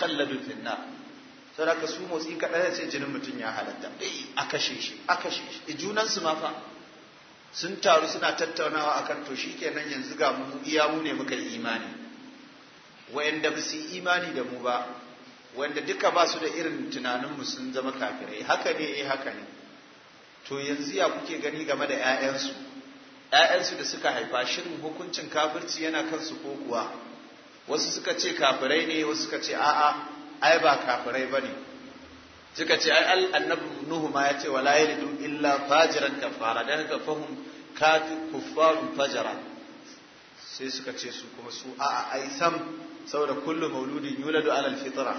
mukhalladu fil nar saboda su motsi kaɗan sai jinin mutum ya halatta eh, a kashe shi a kashe shi eh, junan su ma fa sun taru suna tattaunawa akan to shikenan yanzu ga mu iya mu ne muka yi imani wayanda ba su yi imani da mu ba wanda duka ba su da irin tunanin mu sun zama kafirai haka ne eh haka ne to yanzu ya kuke gani game da ƴaƴansu ƴaƴansu da suka haifa shirin hukuncin kafirci yana kansu ko kuwa wasu suka ce kafirai ne wasu suka ce a'a ai ba kafirai ba ne suka ce ai annabi nuhu ma ya ce wa wala yalidu illa fajiran kafara dan haka fahum katu kuffarun fajara sai suka ce su kuma su a'a ai sam saboda kullu mauludin yuladu alal fitra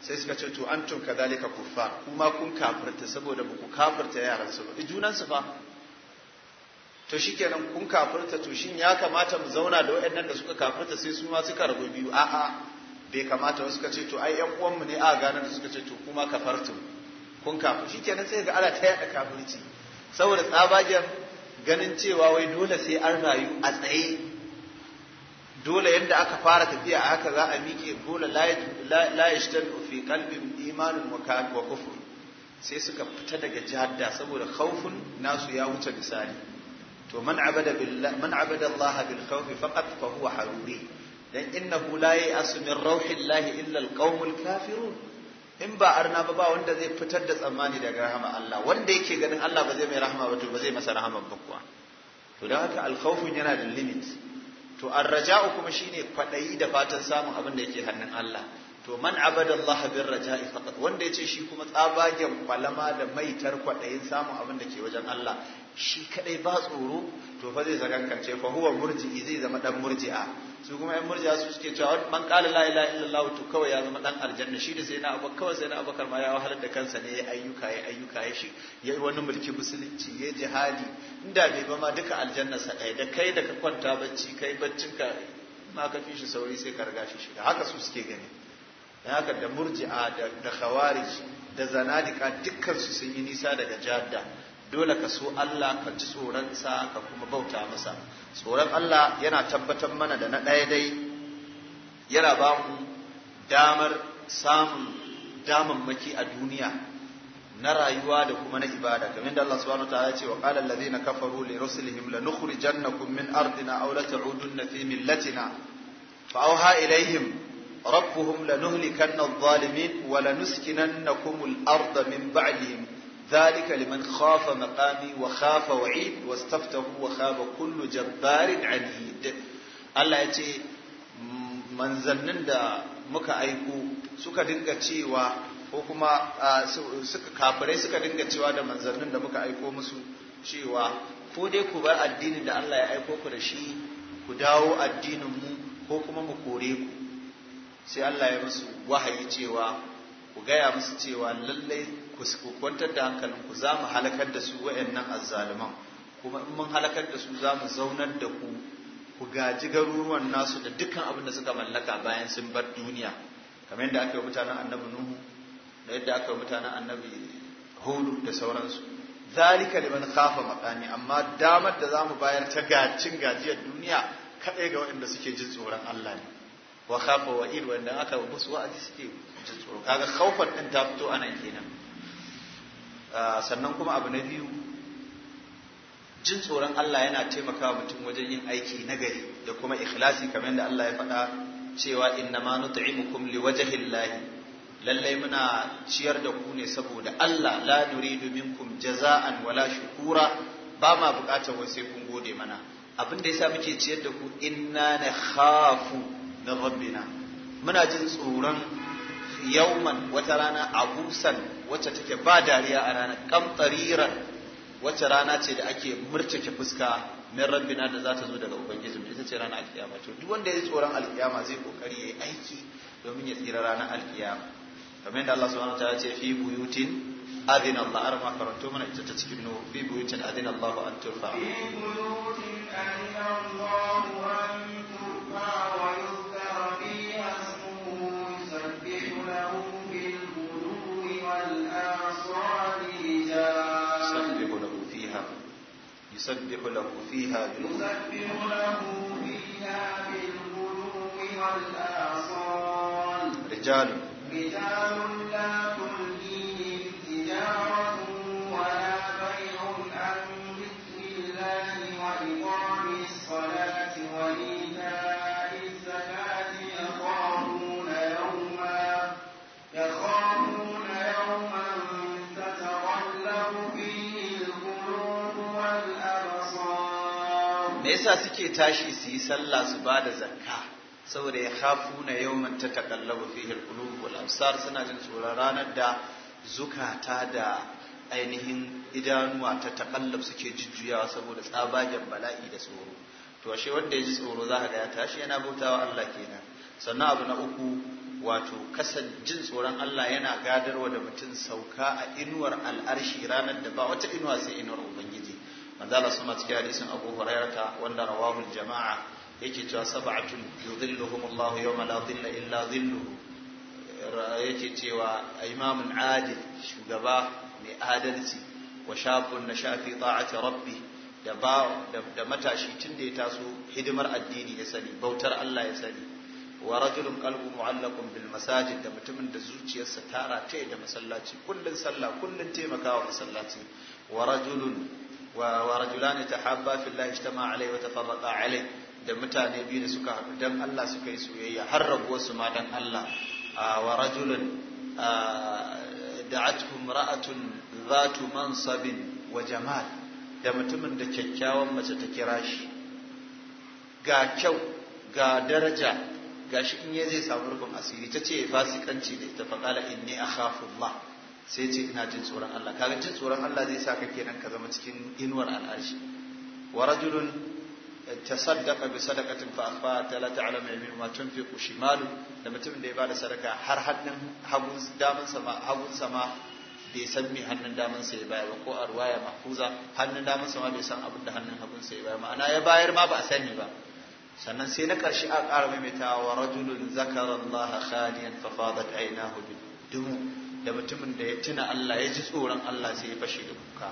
sai suka ce to antum kadhalika kuffar kuma kun kafirta saboda ku kafirta yaran su ba junansu fa to shikenan kun kafirta to shin ya kamata mu zauna da waɗannan da suka kafirta sai su ma suka rabu biyu a'a bai kamata wasu suka ce to ai ƴan uwanmu ne a gane da suka ce to kuma kafarta kun shi shikenan sai ga Allah ta yaɗa kafirci saboda tsabagen ganin cewa wai dole sai an rayu a tsaye dole yadda aka fara tafiya a haka za a miƙe dole la shidan fi qalbin imanin wa kufur sai suka fita daga jihadda saboda khaufun nasu ya wuce misali to man abada billah man abada Allah bil khawf faqat fa huwa haruri dan innahu la ya'asu min rauhillahi illa al qaumul kafirun in ba arna ba ba wanda zai fitar da tsammani daga rahama Allah wanda yake ganin Allah ba zai mai rahama ba to ba zai masa rahama ba kuwa to dan haka al yana da limit to arraja'u kuma shine kwadayi da fatan samun abin da yake hannun Allah to man abada Allah bil raja'i faqat wanda yace shi kuma tsabagen kwalama da maitar kwadayin samun abin da ke wajen Allah shi kadai ba tsoro to fa zai zagankance fa huwa murji'i zai zama dan murji'a su kuma yan murji'a su suke cewa man qala la ilaha illallah to kawai ya zama dan aljanna shi da sai na abu kawai sai na abakar ma ya wahalar da kansa ne ya ayyuka ya ayyuka ya shi ya wani mulki musulunci ya jihadi inda bai ba ma duka aljanna sa dai da kai da ka kwanta bacci kai baccin ka ma ka fi shi sauri sai ka riga shi shiga haka su suke gani dan haka da murji'a da khawarij da zanadika dukkan su sun yi nisa daga jaddah dole ka so Allah ka ji tsoronsa ka kuma bauta masa tsoron Allah yana tabbatar mana da na ɗaya dai yana ba mu damar samun damammaki a duniya na rayuwa da kuma na ibada kamar da Allah subhanahu wataala ya ce wa qala allazina kafaru li rusulihim lanukhrijannakum min ardina aw lat'udunna fi millatina fa awha ilaihim rabbuhum lanuhlikanna adh-dhalimin wa lanuskinannakum al min ba'dihim zalika kaliman kafa maqami wa khafa wa'id wastaftahu wa khaba kullu jabbarin anid Allah ya ce manzannin da muka aiko suka dinga cewa ko kuma suka kafirai suka dinga cewa da manzannin da muka aiko musu cewa ko dai ku bar addinin da Allah ya aiko ku da shi ku dawo addinin mu ko kuma mu kore ku sai Allah ya musu wahayi cewa ku gaya musu cewa lallai ku kwantar da hankalinku za mu halakar da su wa'annan azzaluman kuma in mun halakar da su za mu zaunar da ku ku gaji garuruwan nasu da dukkan abin da suka mallaka bayan sun bar duniya kamar yadda aka yi mutanen annabi nuhu da yadda aka yi mutanen annabi hudu da sauransu zalika liman khafa maqami amma damar da za mu bayar ta gacin gajiyar duniya kadai ga waɗanda suke jin tsoron Allah ne wa khafa wa ir wanda aka musu wa'azi suke jin tsoro kaga khaufan din ta fito ana kenan Ah, sannan kuma abu na biyu jin tsoron Allah yana taimakawa mutum wajen yin aiki nagari da kuma ikhlasi kamar yadda Allah ya faɗa cewa inna ma nut'imukum liwajhillahi lallai muna ciyar da ku ne saboda Allah la nuridu minkum jaza'an wala shukura ba ma buƙatar wai sai kun gode mana abin da yasa muke ciyar da ku inna nakhafu min rabbina muna jin tsoron yauman wata rana a abusan wacce take ba dariya a ranar kamtsariran wacce rana ce da ake murtake fuska min rabbina da za ta zo daga ubangiji ita ce ranar alkiyama to duk wanda ya ji tsoron alkiyama zai kokari ya yi aiki domin ya tsira ranar alkiyama kamar yadda Allah subhanahu wataala ce fi buyutin adina Allah ar ma karanto mana ita ta cikin nuhu fi buyutin adina Allah an turfa fi buyutin adina Allah an turfa wa يسبح له فيها يسبح له فيها بالغلو والآصال رجال رجال لا تلهيهم تجارة ولا بيع عن ذكر الله وإقام الصلاة وإيتاء yasa suke tashi su yi sallah su ba da zakka saboda ya hafu na yawman ta takallabu fihil qulub wal suna jin tsoron ranar da zukata da ainihin idanuwa ta takallab suke jujjuyawa saboda tsabagen bala'i da tsoro to ashe wanda ya ji tsoro za ga ya tashi yana bautawa Allah kenan sannan abu na uku wato kasan jin tsoron Allah yana gadarwa da mutum sauka a inuwar al'arshi ranar da ba wata inuwa sai inuwar ubangiji manzala sama cikin hadisin abu hurairata wanda rawahu jama'a yake cewa sab'atun yudhilluhum Allah yawma la dhilla illa dhilluhu yake cewa imamun adil shugaba mai adalci wa shabun nasha ta'ati rabbi da ba da matashi tun da ya taso hidimar addini ya sani bautar Allah ya sani wa rajulun qalbu mu'allaqun bil masajid da mutumin da zuciyarsa tara ta da masallaci kullun sallah kullun taimakawa masallaci wa rajulun wa rajulani tahabba fillahi ijtama alai wa tafarraqa da mutane biyu da suka haɗu dan Allah suka yi soyayya har rabuwar su ma dan Allah wa rajulun da'athu imra'atun zatu mansabin wa jamal da mutumin da kyakkyawan mace ta kira shi ga kyau ga daraja gashi in ya zai samu rufin asiri ta ce fasikanci da ita faƙala inni akhafullah sai ce ina jin tsoron Allah kaga jin tsoron Allah zai sa ka kenan ka zama cikin inuwar al'ashi wa rajulun tasaddaqa bi sadaqatin fa ta la ta'lamu yaminu ma tunfiqu shimalu da mutumin da ya bada sadaka har hannun hagun daman sama hagun ma bai san me hannun daman sa ya bayar ko a ruwaya mahfuza hannun daman sama bai san abin da hannun hagun sa ya bayar ma'ana ya bayar ma ba a sani ba sannan sai na karshe a ƙara maimaitawa wa rajulun zakara Allah khaliyan fa fadat aynahu bi dumu da mutumin da ya tuna Allah ya ji tsoron Allah sai ya fashe da kuka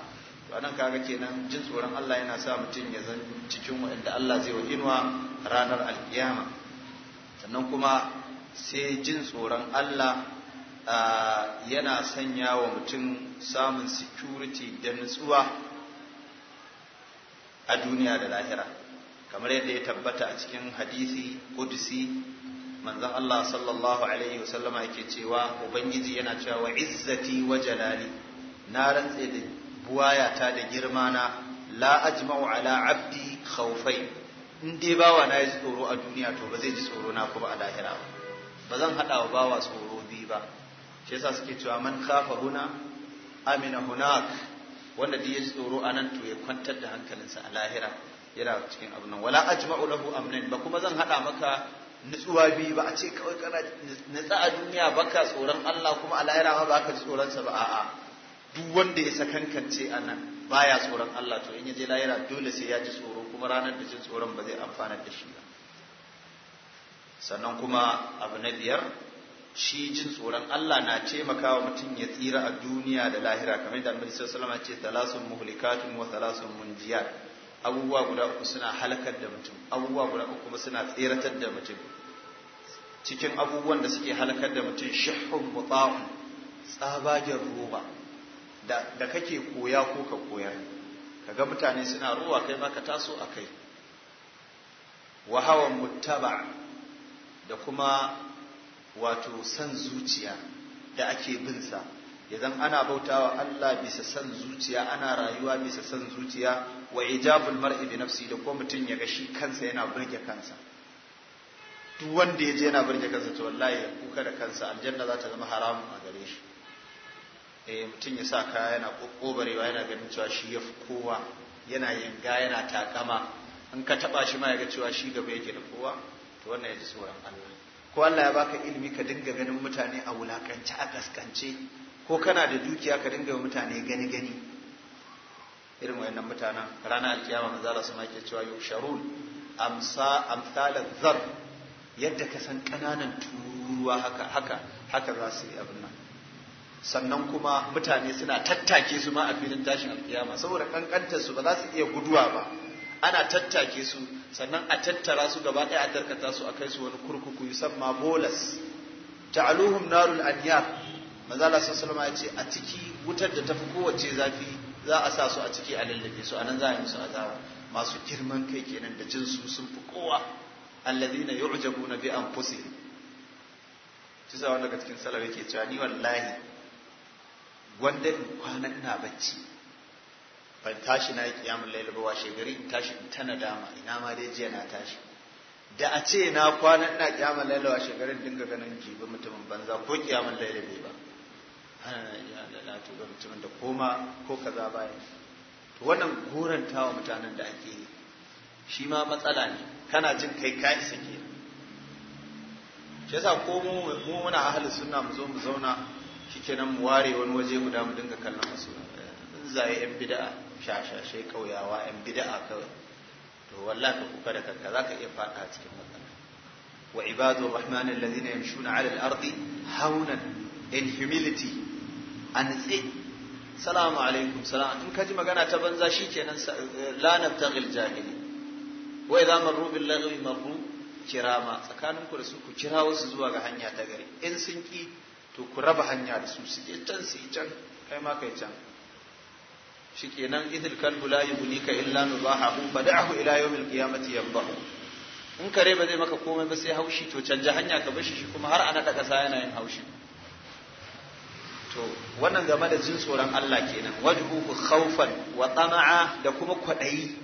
to anan kaga kenan jin tsoron Allah yana sa mutum ya zan cikin wanda Allah zai wa ranar alkiyama sannan kuma sai jin tsoron Allah yana sanya wa mutum samun security da nutsuwa a duniya da lahira kamar yadda ya tabbata a cikin hadisi kudusi manzon Allah sallallahu alaihi wasallama yake cewa ubangiji yana cewa wa izzati wa jalali na rantse da buwayata da girma na la ajma'u ala abdi khawfai in dai bawa na yi tsoro a duniya to ba zai ji tsoro na kuma a lahira ba ba zan hada wa bawa tsoro biyu ba shi yasa suke cewa man khafa huna amina hunak wanda duk ya tsoro a nan to ya kwantar da hankalinsa a lahira yana cikin abu nan wala ajma'u lahu amnan ba kuma zan hada maka nutsuwa biyu ba a ce kawai kana nutsa a duniya ba ka tsoron Allah kuma a lahira ma ba ka ji tsoronsa ba a'a duk wanda ya kankance a nan baya tsoron Allah to in ya je lahira dole sai ya ji tsoro kuma ranar da jin tsoron ba zai amfana da shi ba sannan kuma abu na biyar shi jin tsoron Allah na taimakawa mutum ya tsira a duniya da lahira kamar da Annabi sallallahu alaihi wasallam ya ce talasun muhlikatun wa talasun munjiyat abubuwa guda uku suna halakar da mutum abubuwa guda uku kuma suna tseratar da mutum cikin abubuwan da suke halakar da mutum shihun mutsa'un tsabagen roba da kake koya ko ka koya kaga mutane suna ruwa kai ma ka taso a kai wahawan hawan muttaba da kuma wato san zuciya da ake bin sa idan ana bautawa Allah bisa san zuciya ana rayuwa bisa san zuciya wa ijabul mar'i bi nafsi da ko mutum ya ga shi kansa yana burge kansa duk wanda ya je yana burge kansa to wallahi ya kuka da kansa aljanna za ta zama haramun a gare shi eh mutum ya sa kaya yana kokobarewa yana ganin cewa shi yafi kowa yana yanga yana takama in ka taba shi ma ya ga cewa shi gaba yake da kowa to wannan ya ji tsoron Allah ko Allah ya baka ilimi ka dinga ganin mutane a wulakance a kaskance ko kana da dukiya ka dinga mutane gani gani irin wayannan mutanen ranar alkiyama manzo Allah su make cewa yusharun amsa amsal zar yadda ka san kananan turuwa haka haka haka za su yi abin nan sannan kuma mutane suna tattake su ma a filin tashin alkiyama saboda kankantar su ba za su iya guduwa ba ana tattake su sannan a tattara su gaba ɗaya a tarkata su a kai su wani kurkuku yusamma bolas ta'aluhum narul anyar sun salama ya ce a ciki wutar da ta fi kowace zafi za a sa su a ciki a lallabe su anan za a yi musu azaba masu girman kai kenan da jin su sun fi kowa alladhina yu'jabuna bi anfusihim tusa wanda daga cikin salawa yake cewa ni wallahi wanda in kwana ina bacci ban tashi na yi kiyamun laila ba washe gari in tashi in tana dama ina ma dai jiya na tashi da a ce na kwana ina kiyamun laila washe garin dinga ganin jibi mutumin banza ko kiyamun laila bai ba la tuzo mutumin da koma ko kaza bayan to wannan wa mutanen da ake yi shi ma matsala ne kana jin kai ka isa ke shi yasa ko mu muna ahli sunna mu zo mu zauna shikenan mu ware wani waje guda mu dinga kallon wasu zaye yan bid'a shashashe kauyawa yan bid'a kawai to wallahi ka kuka da kanka ka iya fada cikin matsala wa ibadu rahman alladhina yamshuna ala al-ardi hawnan in humility a nitse salamu alaikum salam in ka ji magana ta banza shikenan la nabtaghil jahili wa idza marru bil lagwi marru kirama tsakanin ku da su ku kira wasu zuwa ga hanya ta gari in sun ki to ku raba hanya da su su je can su yi can kai ma kai can shikenan idil kalbu la yunika illa nubahu bada'ahu ila yawmil qiyamati yabahu in kare ba zai maka komai ba sai haushi to canja hanya ka bar shi kuma har a naɗa ƙasa yana yin haushi to wannan game da jin tsoron Allah kenan wajhuhu khawfan wa tama'a da kuma kwadayi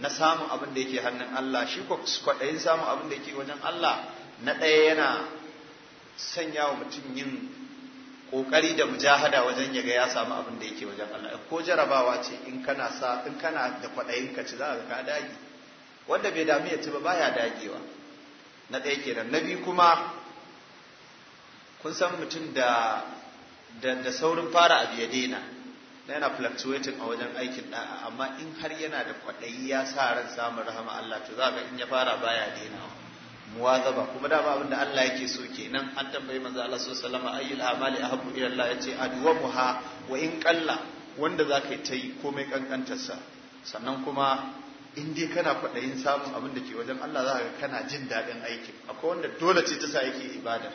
na samun abin da yake hannun Allah shi ko kwadayin samun abin da yake wajen Allah na ɗaya yana sanya wa mutum yin kokari da mujahada wajen yaga ya samu abin da yake wajen Allah ko jarabawa ce in kana sa in kana da kwadayin ka ci za ka ka dage wanda bai dami ya ci ba baya dagewa na ɗaya kenan na biyu kuma kun san mutum da da da saurin fara abu ya daina yana fluctuating a wajen aikin da'a amma in har yana da kwaɗayi ya sa ran samun rahama Allah to za ga in ya fara baya daina muwazaba kuma dama abin da Allah yake so kenan an tambayi manzo Allah sallallahu alaihi wasallam ayyul amali ahabbu ila Allah yace adwamuha wa in qalla wanda zaka yi ta yi komai kankantarsa sannan kuma in dai kana kwaɗayin samun abin da ke wajen Allah za ka kana jin daɗin aikin akwai wanda dole ce ta sa yake ibadar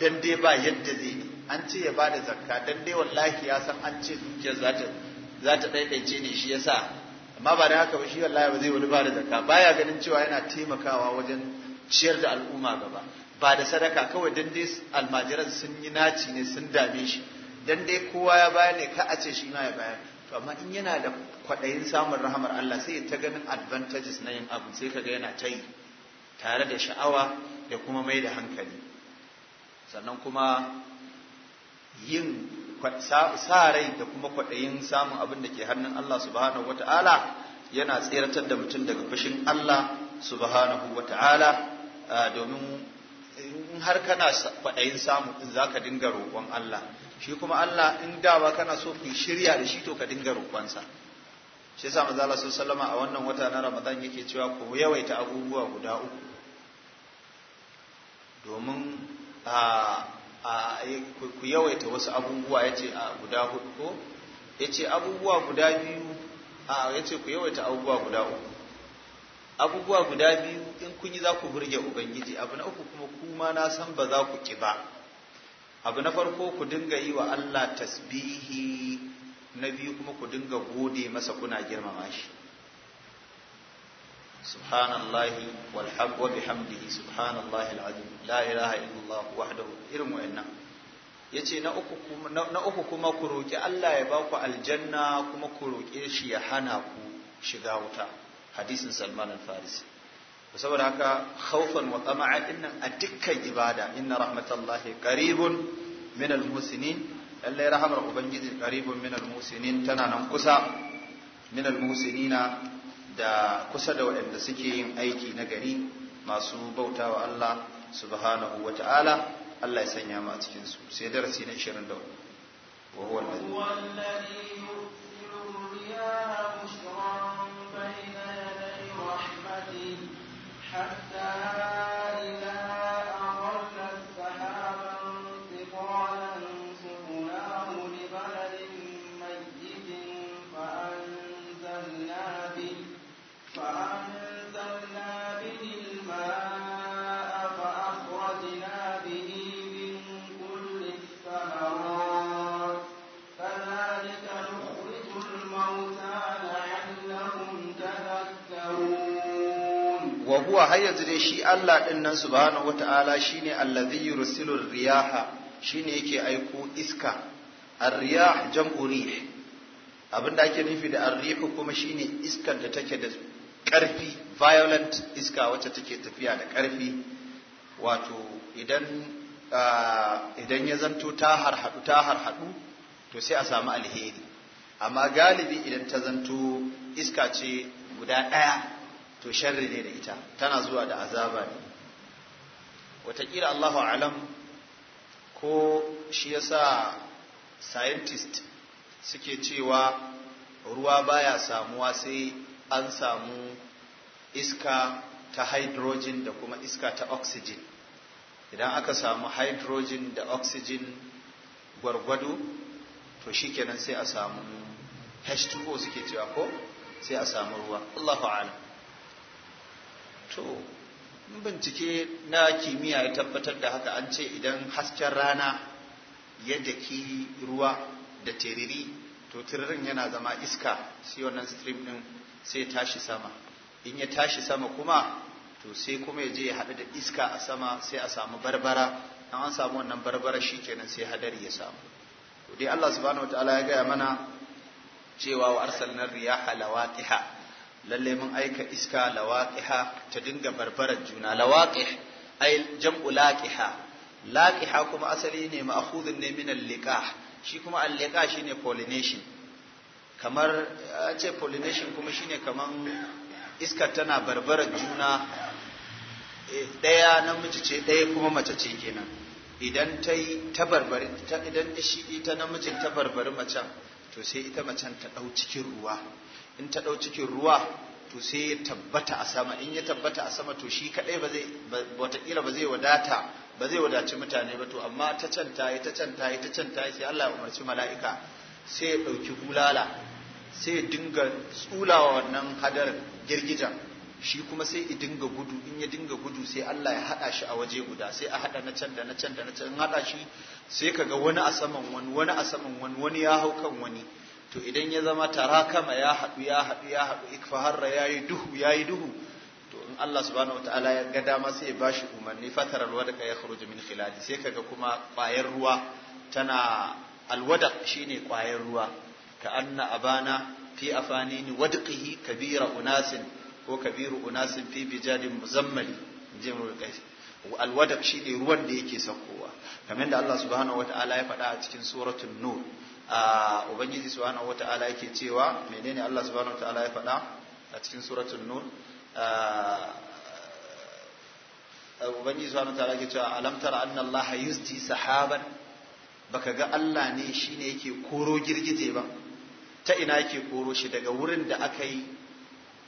dan dai ba yadda zai yi an ce ya bada zakka dan dai wallahi ya san an ce dukiyar za ta za ta ne shi yasa amma ba da haka ba shi wallahi ba zai wani bada zakka baya ganin cewa yana taimakawa wajen ciyar da al'umma gaba ba da sadaka kawai dan dai almajiran sun yi naci ne sun dame shi dan dai kowa ya baya ne ka a ce shi ma ya bayar to amma in yana da kwaɗayin samun rahamar Allah sai ta ganin advantages na yin abu sai kaga yana ta yi tare da sha'awa da kuma mai da hankali sannan kuma yin sa rai da kuma kwaɗayin samun abin da ke hannun Allah subhanahu wata'ala yana tseratar da mutum daga fushin Allah subhanahu wata'ala domin in har kana kwaɗayin samu in za ka dinga roƙon Allah shi kuma Allah in dawa kana so ku shirya da shi to ka dinga roƙonsa shi yasa manzo Allah a wannan wata na Ramadan yake cewa ku yawaita abubuwa guda uku domin ku yawaita wasu abubuwa ya ce a guda hudu ko ya ce abubuwa guda biyu a ya ce ku yawaita abubuwa guda uku abubuwa guda biyu in kun yi za ku burge ubangiji abu na uku kuma kuma na san ba za ku ki ba abu na farko ku dinga yi wa allah tasbihi na biyu kuma ku dinga gode masa kuna girmama shi subhanallahi walhaq wa bihamdihi subhanallahi alazim la ilaha illallah wahdahu irin wayannan yace na uku kuma na ku roki Allah ya baku aljanna kuma ku roke shi ya hana ku shiga wuta hadisin Salman faris. farisi saboda haka khawfan wa tama'a a dikka ibada inna rahmatallahi qaribun min lallai ubangiji tana nan kusa da kusa da waɗanda suke yin aiki na gari masu bauta wa Allah subhanahu wa ta'ala Allah ya sanya mu a cikin su sai darasi na 24 wa huwa har yanzu dai shi Allah ɗin nan subhanahu wata'ala shine allazi yursilu riyaha shine yake aiko iska ar-riyah jam'u rih abinda ake nufi da ar-rih kuma shine iskar da take da karfi violent iska wacce take tafiya da karfi wato idan idan ya zanto ta harhaɗu ta harhaɗu to sai a samu alheri amma galibi idan ta zanto iska ce guda ɗaya to sharri ne da ita tana zuwa da azaba ne watakila Allahu alam ko shi yasa scientist suke cewa ruwa baya samuwa sai an samu iska ta hydrogen da kuma iska ta oxygen idan aka samu hydrogen da oxygen gwargwado to shikenan sai a samu H2O suke cewa ko sai a samu ruwa Allahu alam to bincike na kimiyya ya tabbatar da haka an ce idan hasken rana ya daki ruwa da teriri to tiririn yana zama iska sai wannan stream din sai ya tashi sama in ya tashi sama kuma to sai kuma ya je ya haɗu da iska a sama sai a samu barbara an an samu wannan barbara shi kenan sai hadari ya samu to dai Allah subhanahu wataala ya gaya mana cewa wa riya riyaha lawatiha lalle mun aika iska lawaqiha ta dinga barbarar juna lawaqih ay jam'u laqiha laqiha kuma asali ne ma'khudun ne min al-liqah shi kuma al-liqah shine pollination kamar a ce pollination kuma shine kaman iska tana barbarar juna eh, ɗaya namiji ce ɗaya kuma mace ce kenan idan ta yi ta barbari idan shi ita namijin ta barbari macen to sai ita macen ta ɗau cikin ruwa in ta ɗau cikin ruwa to sai ya tabbata a sama in ya tabbata a sama to shi kaɗai ba zai watakila ba zai wadata ba zai wadaci mutane ba to amma ta can ya ta can ya ta can ya sai Allah ya umarci mala'ika sai ya ɗauki bulala sai ya dinga tsulawa wannan hadar girgijan shi kuma sai ya dinga gudu in ya dinga gudu sai Allah ya haɗa shi a waje guda sai a haɗa na can da na can da na can haɗa shi sai kaga wani a saman wani wani a saman wani wani ya hau kan wani to idan ya zama tarakama ya haɗu ya haɗu ya haɗu ikfaharra ya yi duhu ya yi duhu to in Allah subhanahu wataala ya ga dama sai ya bashi umarni fatar alwadaka ya kharuju min khilali sai kaga kuma ƙwayar ruwa tana alwada shine ƙwayar ruwa ka anna abana fi afanini wadqihi kabira unasin ko kabiru unasin fi bijadin muzammali jimrul qais alwadak shine ruwan da yake saukowa kamar da Allah subhanahu wataala ya faɗa a cikin suratul nur ubangiji subhanahu wata'ala yake cewa menene Allah subhanahu wata'ala ya faɗa a cikin suratul nur ubangiji subhanahu wata'ala yake cewa alam tara anna Allah yusji sahaban baka ga Allah ne shine yake koro girgije ba ta ina yake koro shi daga wurin da aka yi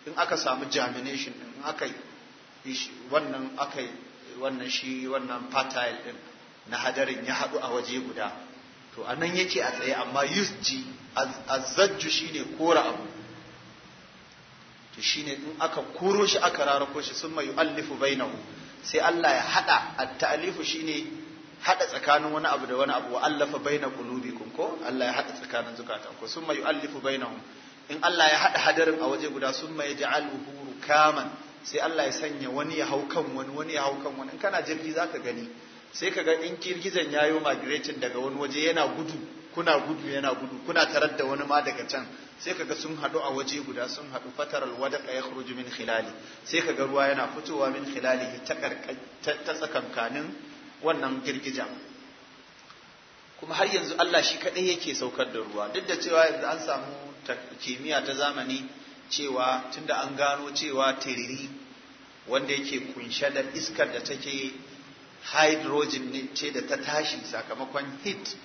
in aka samu germination in aka yi wannan aka yi wannan shi wannan fertile din na hadarin ya haɗu a waje guda to anan yake a tsaye amma yusji azzajju shine kora abu to shine in aka koro shi aka rarako shi summa yu'allifu bainahu sai Allah ya hada at-ta'lifu shine hada tsakanin wani abu da wani abu wa allafa baina qulubikum ko Allah ya hada tsakanin zukatan ko summa yu'allifu bainahum in Allah ya hada hadarin a waje guda summa yaj'aluhu rukaman sai Allah ya sanya wani ya hau kan wani wani ya hau kan wani in kana jirgi zaka gani sai kaga in girgizan yi migration daga wani waje yana gudu kuna gudu yana gudu kuna tarar da wani ma daga can sai kaga sun haɗu a waje guda sun haɗu fataral ya khruju min khilali sai kaga ruwa yana fitowa min khilali ta ta tsakankanin wannan girgija kuma har yanzu Allah shi kadai yake saukar da ruwa duk da cewa yanzu an samu kimiyya ta zamani cewa tunda an gano cewa tiriri wanda yake kunshe da iskar da take hydrogen ne ce da ta tashi sakamakon heat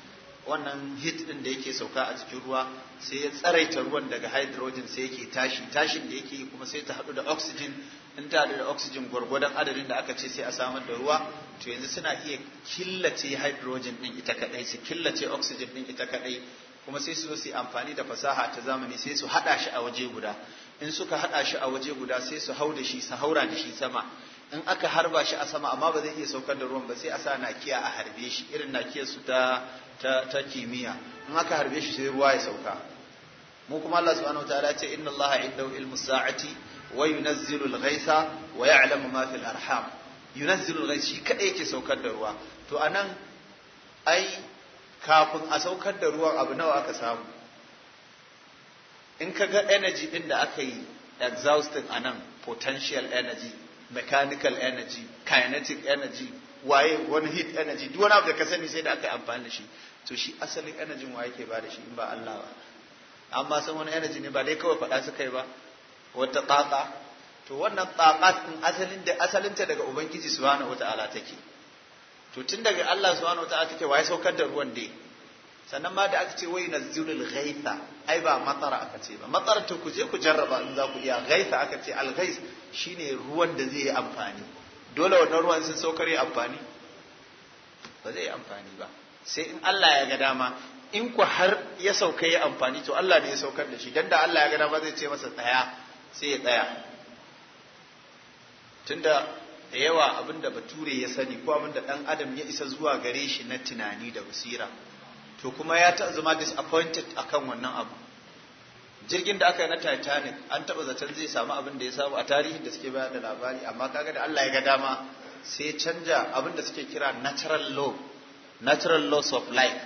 wannan heat din da yake sauka a cikin ruwa sai ya tsaraita ruwan daga hydrogen sai yake tashi tashin da yake kuma sai ta haɗu da oxygen in ta haɗu da oxygen gwargwadon adadin da aka ce sai a samar da ruwa to yanzu suna iya killace hydrogen din ita kadai su killace oxygen din ita kadai kuma sai su su amfani da fasaha ta zamani sai su haɗa shi a waje guda in suka haɗa shi a waje guda sai su hau da shi su haura da shi sama in aka harba shi a sama amma ba zai iya saukar da ruwan ba sai a sa nakiya a harbe shi irin nakiyar su ta ta kimiyya in aka harbe shi sai ruwa ya sauka mu kuma Allah subhanahu wataala ya ce inna Allah indahu ilmu sa'ati wa yunazzilu al ghaytha wa ya'lamu ma fil arham yunazzilu al ghaythi kada yake saukar da ruwa to anan ai kafin a saukar da ruwan abu nawa aka samu in ka ga energy din da aka yi exhausting anan potential energy mechanical energy kinetic energy waye wani heat energy duk wani abu da ka sani sai da aka yi amfani da shi to shi asalin energy wa yake ba da shi in ba Allah ba amma san wani energy ne ba dai kawai faɗa su kai ba wata tsaka to wannan tsaka din asalin da asalinta daga ubangiji subhanahu ta'ala take to tun daga Allah subhanahu ta'ala take waye saukar da ruwan dai sannan ma da aka ce wai nazzilul ghaitha ai ba matsara aka ce ba matsar to ku je ku jarraba in za ku iya ghaitha aka ce al ghais shine ruwan da zai yi amfani dole wannan ruwan sun saukar yi amfani ba zai yi amfani ba sai in Allah ya ga dama in ku har ya sauka yi amfani to Allah ne ya saukar da shi dan da Allah ya ga dama zai ce masa tsaya sai ya tsaya tunda da yawa abinda bature ya sani ko abinda dan adam ya isa zuwa gare shi na tunani da basira to kuma ya ta zama disappointed kan wannan abu jirgin da aka yi na titanic an taɓa zaton zai samu abin da ya samu a tarihin da suke bayar da labari amma kaga da allah ya ga dama sai ya canja abin da suke kira natural law natural laws of life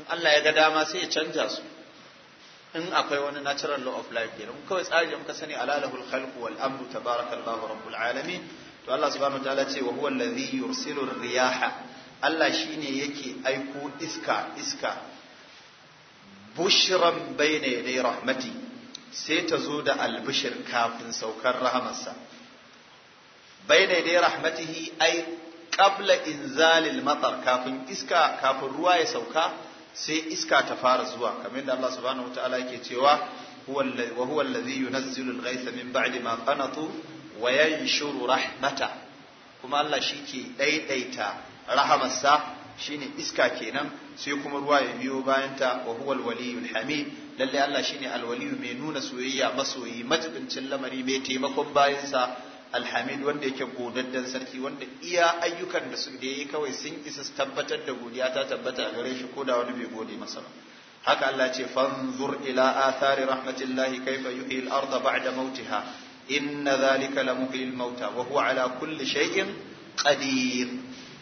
in allah ya ga dama sai ya canja su in akwai wani natural law of life kenan kawai tsari da muka sani alalahul khalq wal amru tabarakallahu rabbul alamin to allah subhanahu wa ta'ala ce wa huwa alladhi yursilu riyaha Allah shine yake aiko iska iska bushran bayna dai rahmati sai ta zo da albishir kafin saukar rahamarsa bayna dai rahmatihi ai kabla inzalil matar kafin iska kafin ruwa ya sauka sai iska ta fara zuwa kamar da Allah subhanahu wataala yake cewa wa huwa allazi yunazzilu al-ghaytha min ba'di ma qanatu wa yanshuru rahmata kuma Allah shi ke ɗaiɗaita rahamarsa shine iska kenan sai kuma ruwa ya biyo bayanta wa huwal waliyul hamid lalle Allah shine alwaliyu mai nuna soyayya masoyi matubincin lamari mai taimakon bayansa alhamid wanda yake godaddan sarki wanda iya ayyukan da su da yayi kawai sun isa tabbatar da godiya ta tabbata a gare shi ko da wani bai gode masa ba haka Allah ce fanzur ila athari rahmatillahi kaifa yuhyi al-ardha ba'da mautiha inna dhalika lamuhyil mauta wa huwa ala kulli shay'in qadir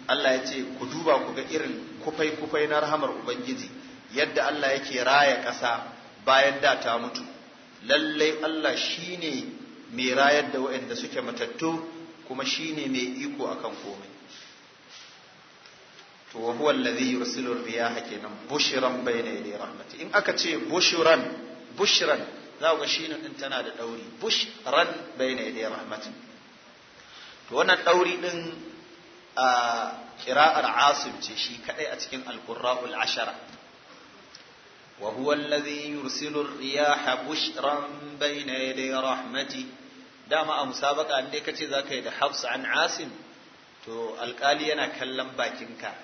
Allah ya ce ku duba ku ga irin kufai kufai na rahamar ubangiji yadda Allah yake raya ƙasa bayan da ta mutu lallai Allah shine mai rayar da waɗanda suke matattu kuma shine mai iko akan komai to wa huwa allazi yursilu riyaha kenan bushran bayna yadi rahmati in aka ce bushran bushran za ku ga shine din tana da dauri bushran bayna yadi rahmati to wannan dauri din a ƙira'ar asim ce shi kadai a cikin alƙurra'ul ashara wa huwa allazi yursilu riyaha bushran bayna yaday rahmati dama a musabaƙa in ka ce zaka yi da hafs an asim to alƙali yana kallon bakinka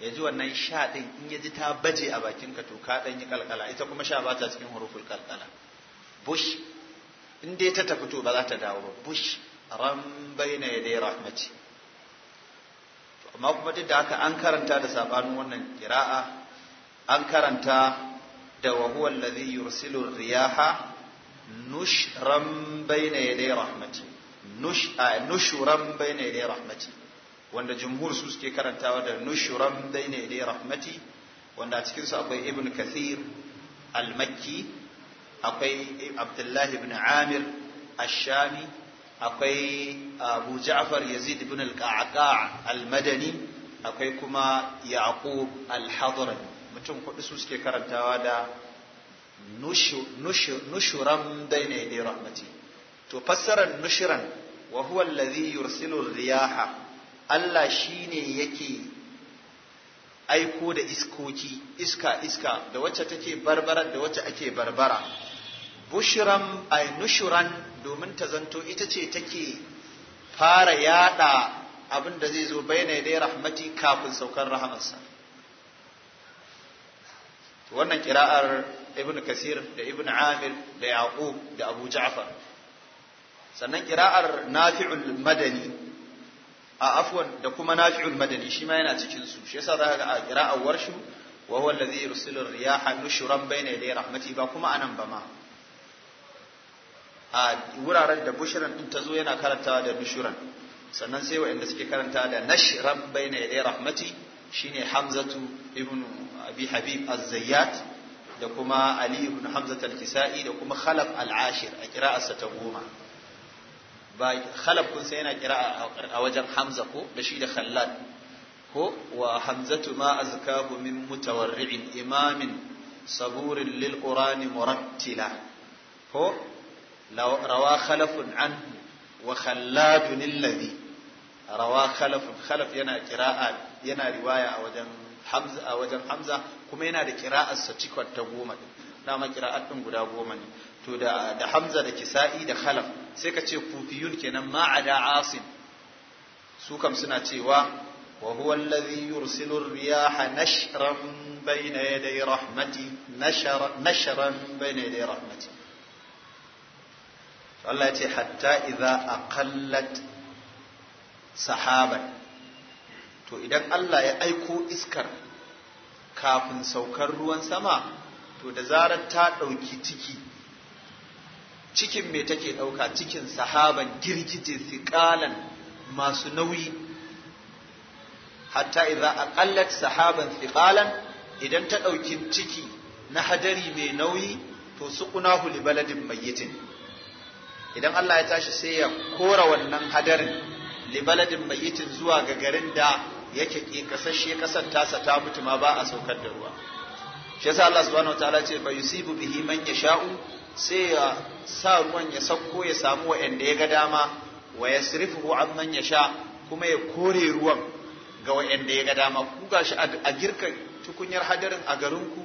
ya ji wannan sha ɗin in ya ta baje a bakinka to ka ɗan yi ita kuma sha bata cikin huruful kalkala bush in dai ta tafi to ba za ta dawo ba bush ran bayna yaday rahmati amma kuma duk da haka an karanta da sabanin wannan kira'a an karanta da wa huwa allazi yursilu riyaha nushran bayna yaday rahmati nush nushran bayna yaday rahmati wanda jumhur su suke karantawa da nushran bayna yaday rahmati wanda a cikin su akwai ibn kathir al-makki akwai abdullahi ibn amir ash-shami akwai Abu Ja'far Yazid ibn al-Qa'qa' al-Madani akwai kuma Yaqub al-Hadrami mutum kuɗi su suke karantawa da nushuram daina rahmati to fassarar nushuran wa huwa allazi riyaha Allah shine yake aiko da iskoki iska iska da wacce take barbara da wacce ake barbara bushram ay nushuran domin ta zanto ita ce take fara yada abin da zai zo bayyana dai rahmati kafin saukar rahamarsa wannan kira'ar ibn kasir da ibn amir da yaqub da abu ja'far sannan kira'ar nafi'ul madani a afwan da kuma nafi'ul madani shi ma yana cikin su shi yasa zaka ga a kira'ar warshu wa huwa allazi yursilu riyaha nushran bayna yaday rahmati ba kuma anan ba ma a wuraren da bushiran din ta zo yana karantawa da nushuran sannan sai waɗanda suke karanta da nashrab bayna yaday rahmati shine hamzatu ibnu abi habib az-zayyat da kuma ali ibn hamzat al-kisa'i da kuma khalaf al-ashir a qira'arsa ta goma ba khalaf kun sai yana qira'a a wajen hamza ko da shi da khallad ko wa hamzatu ma azkahu min mutawarri'in imamin saburin lil qur'ani murattila ko rawa khalafun an wa khalladun alladhi khalaf yana riwaya a wajen hamza kuma yana da kira'ar sa cikon ta goma din dama kira'ar din guda goma ne to da da hamza da kisa'i da khalaf sai ka ce kufiyun kenan ma'ada asim su kam suna cewa wa huwa alladhi yursilu riyaha nashran bayna yaday rahmati rahmati Allah ya ce hatta idza aqallat sahaban to idan Allah ya aiko iskar kafin saukar ruwan sama to da zarar ta ɗauki ciki cikin me take ɗauka cikin sahaban girgije siƙalan masu nauyi hatta idza aqallat sahaban siƙalan idan ta ɗauki ciki na hadari mai nauyi to suqunahu li baladin mayyitin idan Allah ya tashi sai ya kora wannan hadarin libaladin mayitin zuwa ga garin da yake kasashe kasar tasa ta mutu ma ba a saukar da ruwa shi yasa Allah subhanahu wataala ce fa yusibu bihi man yasha'u sai ya sa ruwan ya sauko ya samu wa'anda ya ga dama wa yasrifuhu amman yasha kuma ya kore ruwan ga wa'anda ya ga dama ku gashi a girka tukunyar hadarin a garinku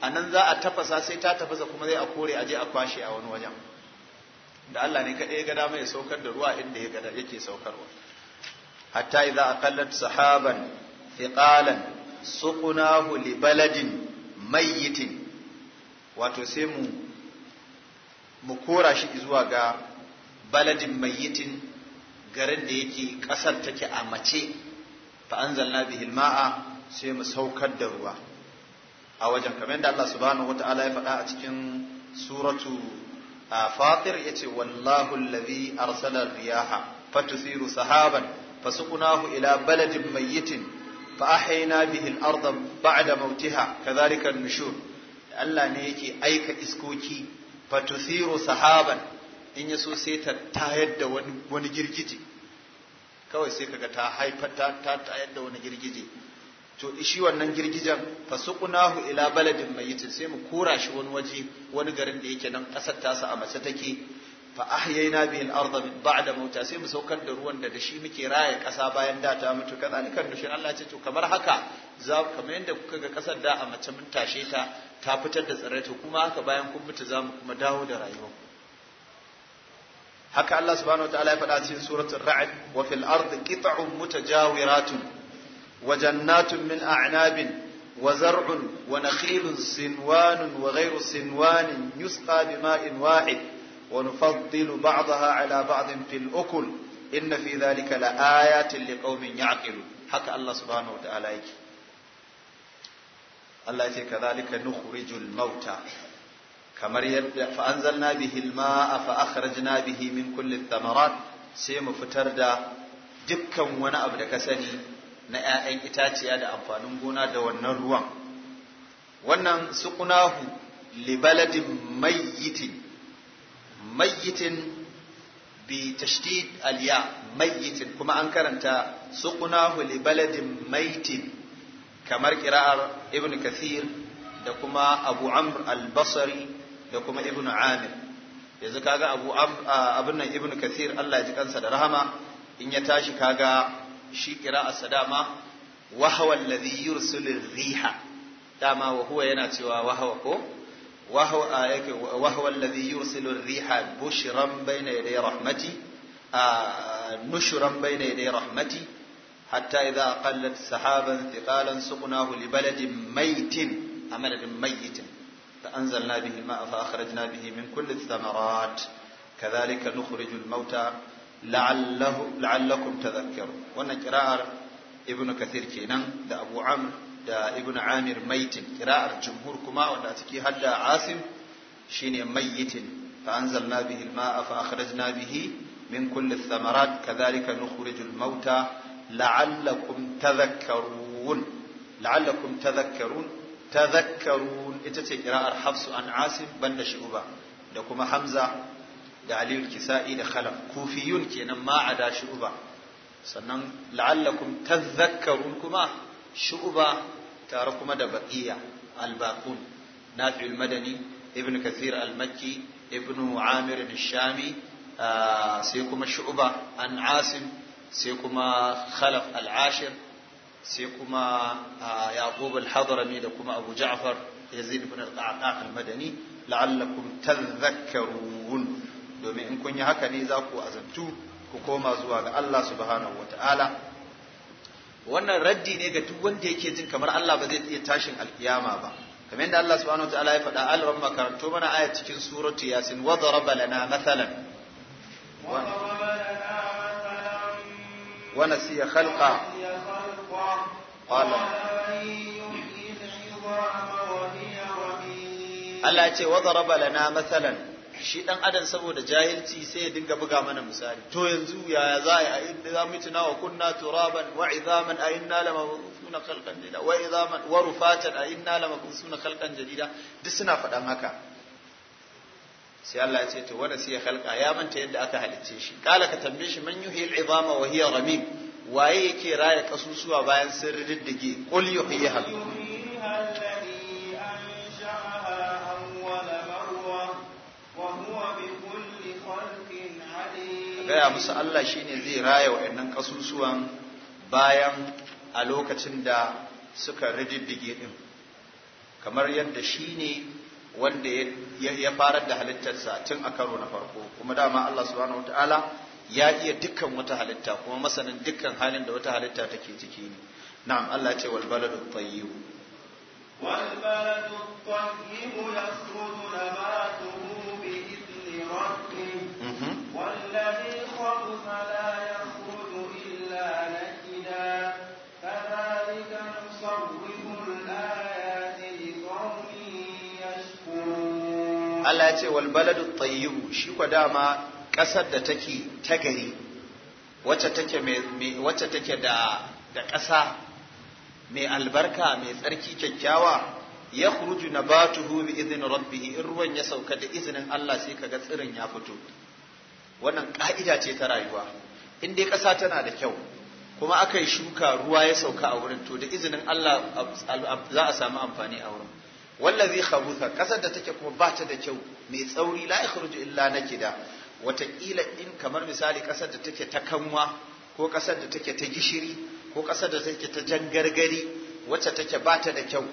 a nan za a tafasa sai ta tafasa kuma zai a kore a je a kwashe a wani wajen da Allah ne kadai ya ga dama ya saukar da ruwa inda ya gada yake saukarwa hatta idza aqallat sahaban thiqalan suqnahu li baladin mayyitin wato sai mu mu kora shi zuwa ga baladin mayyitin garin da yake kasar take a mace fa anzalna bihi alma'a sai mu saukar da ruwa a wajen kamar yadda Allah subhanahu wataala ya faɗa a cikin suratu a fatir yace wallahu allazi arsala riyaha fatusiru sahaban fasuqnahu ila baladin mayyitin fa ahayna bihi ba'ada ardha ba'da mautiha kadhalika an-nushur Allah ne yake aika iskoki fatusiru sahaban in yaso sai ta tayar da wani girgije kawai sai kaga ta tayar da wani girgije to ishi wannan girgijen fasuqnahu ila baladin mayitin sai mu kura shi wani waje wani garin da yake nan kasar tasa a mace take fa ahyayna bihi al-ardh ba'da mauta sai mu saukar da ruwan da dashi muke raya kasa bayan da ta mutu kazalika dushin Allah ce to kamar haka za kamar yadda kuka ga kasar da a mace mun tashe ta ta fitar da tsirrai ta, kuma haka bayan kun mutu za mu kuma dawo da rayuwa haka Allah subhanahu wa ta'ala ya faɗa cikin suratul ra'd wa fil ardi qit'un mutajawiratun وجنات من أعناب وزرع ونخيل سنوان وغير سنوان يسقى بماء واحد ونفضل بعضها على بعض في الأكل إن في ذلك لآيات لقوم يعقلون حكى الله سبحانه وتعالى يكي الله يتي كذلك نخرج الموتى كما فأنزلنا به الماء فأخرجنا به من كل الثمرات سيم فتر دا دكا وانا أبدا كسني na 'ya'yan itaciya da amfanin gona da wannan ruwan wannan suƙunahu libaladin mayyitin mayyitin bi tashdid aliya mayyitin kuma an karanta suqnahu libaladin baladin maitin kamar kira'ar ibn kathir da kuma abu amr al basari da kuma ibn amir yanzu kaga abu abin nan ibn kathir Allah ya ji kansa da rahama in ya tashi kaga shi qira'arsa dama wa huwa alladhi riha dama wahuwa yana cewa wa ko wa huwa yake wa huwa alladhi yursilu riha bushran bayna yaday rahmati nushran bayna yaday rahmati hatta idza aqallat sahaban thiqalan suqnahu li baladin maytin amadadin mayyitin فأنزلنا به الماء فأخرجنا به من كل الثمرات كذلك نخرج الموتى la'allakum tadhakkaru wannan kira'ar ibnu kathir kenan da abu amr da ibnu amir maitin kira'ar jumhur kuma wanda suke hadda asim shine mayyitin fa anzalna bihi al-ma'a fa akhrajna bihi min kulli ath-thamarat kadhalika nukhriju al-mauta la'allakum tadhakkarun la'allakum tadhakkarun tadhakkarun ita ce kira'ar hafsu an asim banda shu'ba da kuma hamza da aliyul kisa'i da khalaf kufiyun kenan ma a da shu'uba sannan la'allakum tadhakkarun kuma shu'uba tare kuma da baqiya al-baqun nafi'ul madani ibnu kathir al-makki ibnu amir al-shami ah, sai kuma shu'uba an asim sai kuma khalaf al-ashir sai kuma ah, yaqub al-hadrami da kuma abu ja'far yazid ibn al-qa'qa al-madani la'allakum tadhakkarun domin in kun yi haka ne za ku azantu ku koma zuwa ga Allah subhanahu wata'ala wannan raddi ne ga duk wanda yake jin kamar Allah ba zai iya tashin alkiyama ba kamar yadda Allah subhanahu wata'ala ya faɗa al ramma karanto mana aya cikin suratu yasin wa daraba lana mathalan wa nasiya khalqa qala Allah ya ce wa daraba lana mathalan shi dan adam saboda jahilci sai ya dinga buga mana misali to yanzu yaya za a yi za mu tuna wa kunna turaban wa idhaman a inna lama suna khalqan jadida wa idhaman wa rufatan a inna lama suna khalqan jadida duk suna faɗan haka sai Allah ya ce to wanda sai ya halka ya manta yadda aka halicce shi kala ka tambaye shi man yuhyi al wa hiya ramim waye yake raya kasusuwa bayan sun riddige qul yuhyiha gaya musu Allah shi ne zai raya waɗannan ƙasusuwan bayan a lokacin da suka rididdige ɗin kamar yadda shi ne wanda ya farar da halittarsa tun a karo na farko kuma dama Allah subhanahu wataala ya iya dukkan wata halitta kuma masanin dukkan halin da wata halitta take ciki ne na'am Allah ce wal baladu tayyib wal baladu tayyib nabatuhu bi idni rabbih Allah ya ce wal baladu tayyibu shi kwa dama ƙasar da take ta gari wacce take wacce take da da ƙasa mai albarka mai tsarki kyakkyawa ya khruju nabatuhu bi idzin rabbih in ruwan ya sauka da izinin Allah sai kaga tsirin ya fito wannan ka'ida ce ta rayuwa in dai ƙasa tana da kyau kuma aka shuka ruwa ya sauka a wurin to da izinin Allah za a samu amfani a wurin wallazi khabutha kasar da take kuma ba ta da kyau mai tsauri la yakhruju illa nakida watakila in kamar misali kasar da take ta kanwa ko kasar da take ta gishiri ko kasar da take ta jangargari wacce take ba ta da kyau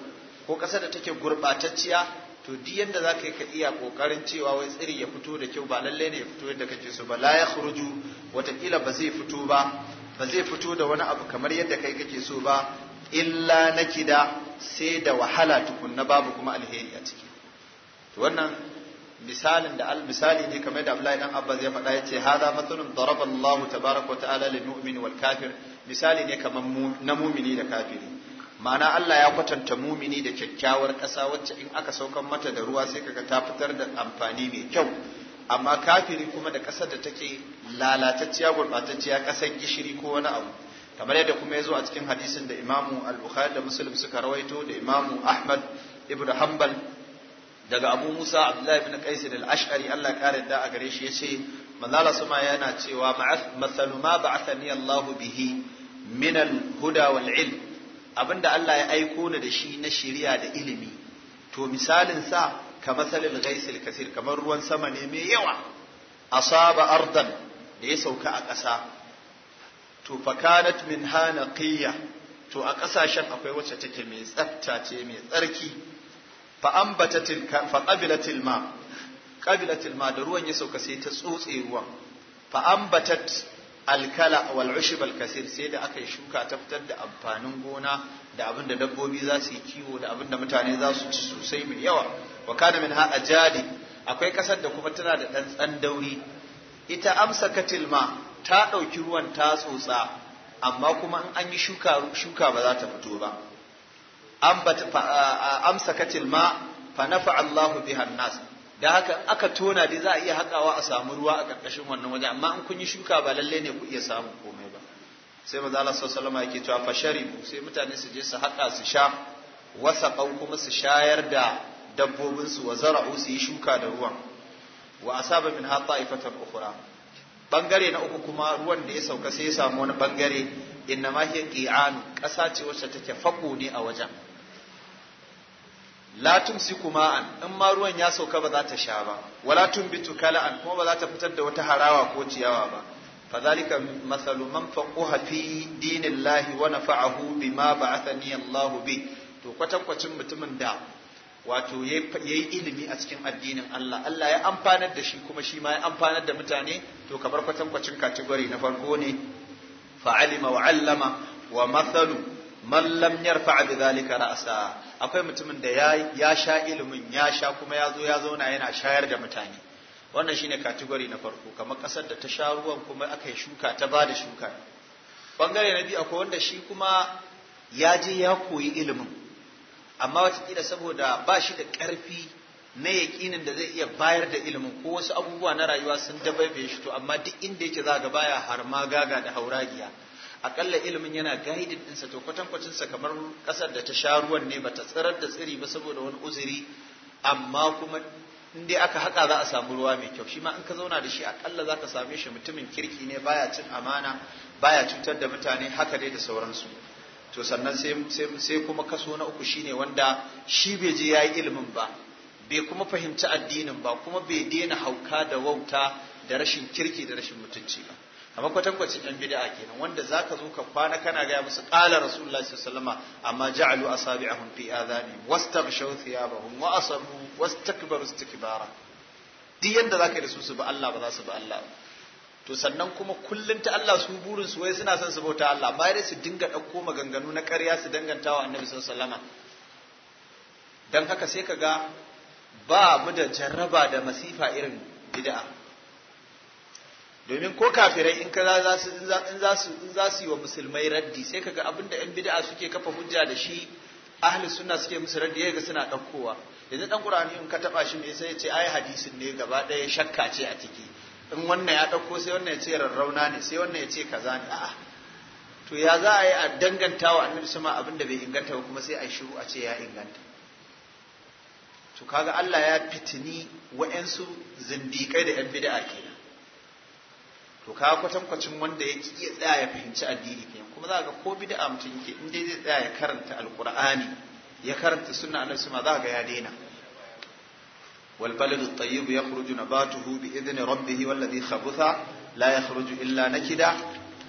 ko kasar da take gurbatacciya to duk yanda za ka yi ka iya kokarin cewa wai tsiri ya fito da kyau ba lallai ne ya fito yadda kake so ba la yakhruju watakila ba zai fito ba ba zai fito da wani abu kamar yadda kai kake so ba illa nakida sai da wahala tukunna babu kuma alheri a ciki to wannan misalin da misali ne kamar da Abdullahi dan Abbas ya faɗa yace hada matsalun daraba Allah tabaaraka wa ta'ala lil mu'min wal kafir misali ne kamar na mumini da kafiri ma'ana Allah ya kwatanta mumini da kyakkyawar ƙasa wacce in aka saukan mata da ruwa sai kaga ta fitar da amfani mai kyau amma kafiri kuma da ƙasar da take lalatacciya gurɓatacciya ƙasar gishiri ko wani abu kamar yadda kuma ya zo a cikin hadisin da imamu al-bukhari da muslim suka rawaito da imamu ahmad ibn hanbal daga abu musa abdullahi ibn qais al-ash'ari Allah ya kare da a gare shi yace manzala suma yana cewa mathalu ma ba'athani Allah bihi min al-huda wal ilm abinda Allah ya aiko ni da shi na shari'a da ilimi to misalin sa ka masalil ghaisil kasir kamar ruwan sama ne mai yawa asaba ardan da ya sauka a ƙasa to fakanat min hanaqiyya to a ƙasashen akwai wacce take mai tsafta ce mai tsarki fa ambatatil fa qabilatil ma qabilatil ma da ruwan ya sauka sai ta tsotse ruwan fa ambatat alkala wal ushb al kasir sai da aka yi shuka ta fitar da amfanin gona da abin da dabbobi za su yi kiwo da abin da mutane za su ci sosai mai yawa wa kana min ha akwai kasar da kuma tana da dan tsandauri ita amsakatil ma ta ɗauki ruwan ta tsotsa amma kuma in an yi shuka shuka ba za ta fito ba amsa katil ma fa nafa Allahu biha nas da haka aka tona da za a iya haƙawa a samu ruwa a ƙarƙashin wannan waje amma in kun yi shuka ba lalle ne ku iya samu komai ba sai maza Allah sallallahu alaihi yake cewa fa sharibu sai mutane su je su haka su sha wasaqau kuma su shayar da dabbobinsu wa zara'u su yi shuka da ruwan wa asaba min hatta ifatan ukhra bangare na uku kuma ruwan da ya sauka sai ya samu wani bangare inna ma hiya qi'an ƙasa ce wacce take fako ne a wajen la tumsiku ma'an in ma ruwan ya sauka ba za ta sha ba wala tumbitu kala'an kuma ba za ta fitar da wata harawa ko ciyawa ba فذلك مثل من فقه في دين الله ونفعه بما بعثني الله به to kwatankwacin mutumin da wato ya yi ilimi a cikin addinin Allah Allah ya amfanar da shi kuma shi ma ya amfanar da mutane to kamar kwatankwacin kategori na farko ne fa'alima wa allama wa mathalu man lam yarfa bi zalika ra'sa akwai mutumin da ya sha ilimin ya sha kuma ya zo ya zauna yana shayar da mutane wannan shine kategori na farko kamar kasar da ta sha ruwan kuma aka yi shuka ta ba da shuka bangare na biyu akwai wanda shi kuma ya je ya koyi ilimin amma wata watakila saboda ba shi da ƙarfi na yaƙinin da zai iya bayar da ilimin ko wasu abubuwa na rayuwa sun dabaibe shi to amma duk inda yake za ga baya har ma gaga da hauragiya akalla ilimin yana guided ɗinsa to kwatankwacinsa kamar ƙasar da ta sha ruwan ne bata tsirar da tsiri ba saboda wani uzuri amma kuma in dai aka haƙa za a samu ruwa mai kyau shi ma in ka zauna da shi akalla za ka same shi mutumin kirki ne baya cin amana baya cutar da mutane haka dai da sauransu to sannan sai kuma kaso na uku shine wanda shi bai je yi ilimin ba bai kuma fahimci addinin ba kuma bai daina hauka da wauta da rashin kirki da rashin mutunci ba amma kwatankwacin ɗan bid'a kenan wanda zaka zo ka kwana kana gaya musu qala rasulullahi sallallahu alaihi wasallam amma ja'alu asabi'ahum fi adhani wastaghshaw thiyabahum wa asabu wastakbaru istikbara duk yanda zaka yi da su su ba Allah ba za su ba Allah ba to sannan kuma kullum ta Allah su burin su wai suna son su bauta Allah amma dai su dinga ɗauko maganganu na ƙarya su danganta wa annabi salama? dan haka sai ka ga ba mu da jarraba da masifa irin bid'a domin ko kafirai in kaza za su in za su in za su yi wa musulmai raddi sai kaga abinda yan bid'a suke kafa hujja da shi ahli sunna suke musu raddi ya ga suna ɗaukowa yanzu ɗan ƙur'ani in ka taba shi me sai ya ce ai hadisin ne gaba ɗaya shakka ce a ciki in wannan ya ɗauko sai wannan ya ce rarrauna ne sai wannan ya ce kaza ne a'a to ya za a yi a danganta wa annabi sama abin da bai inganta ba kuma sai a shiru a ce ya inganta to kaga Allah ya fitini wa'ansu zindikai da yan bid'a kenan to ka kwatankwacin wanda ya iya tsaya ya fahimci addini kenan kuma za ga ko bid'a mutum yake in dai zai tsaya ya karanta alqur'ani ya karanta sunna annabi sama za ga ya daina Walbaladu والبلد الطيب يخرج نباته بإذن ربه والذي kabusa لا illa na kida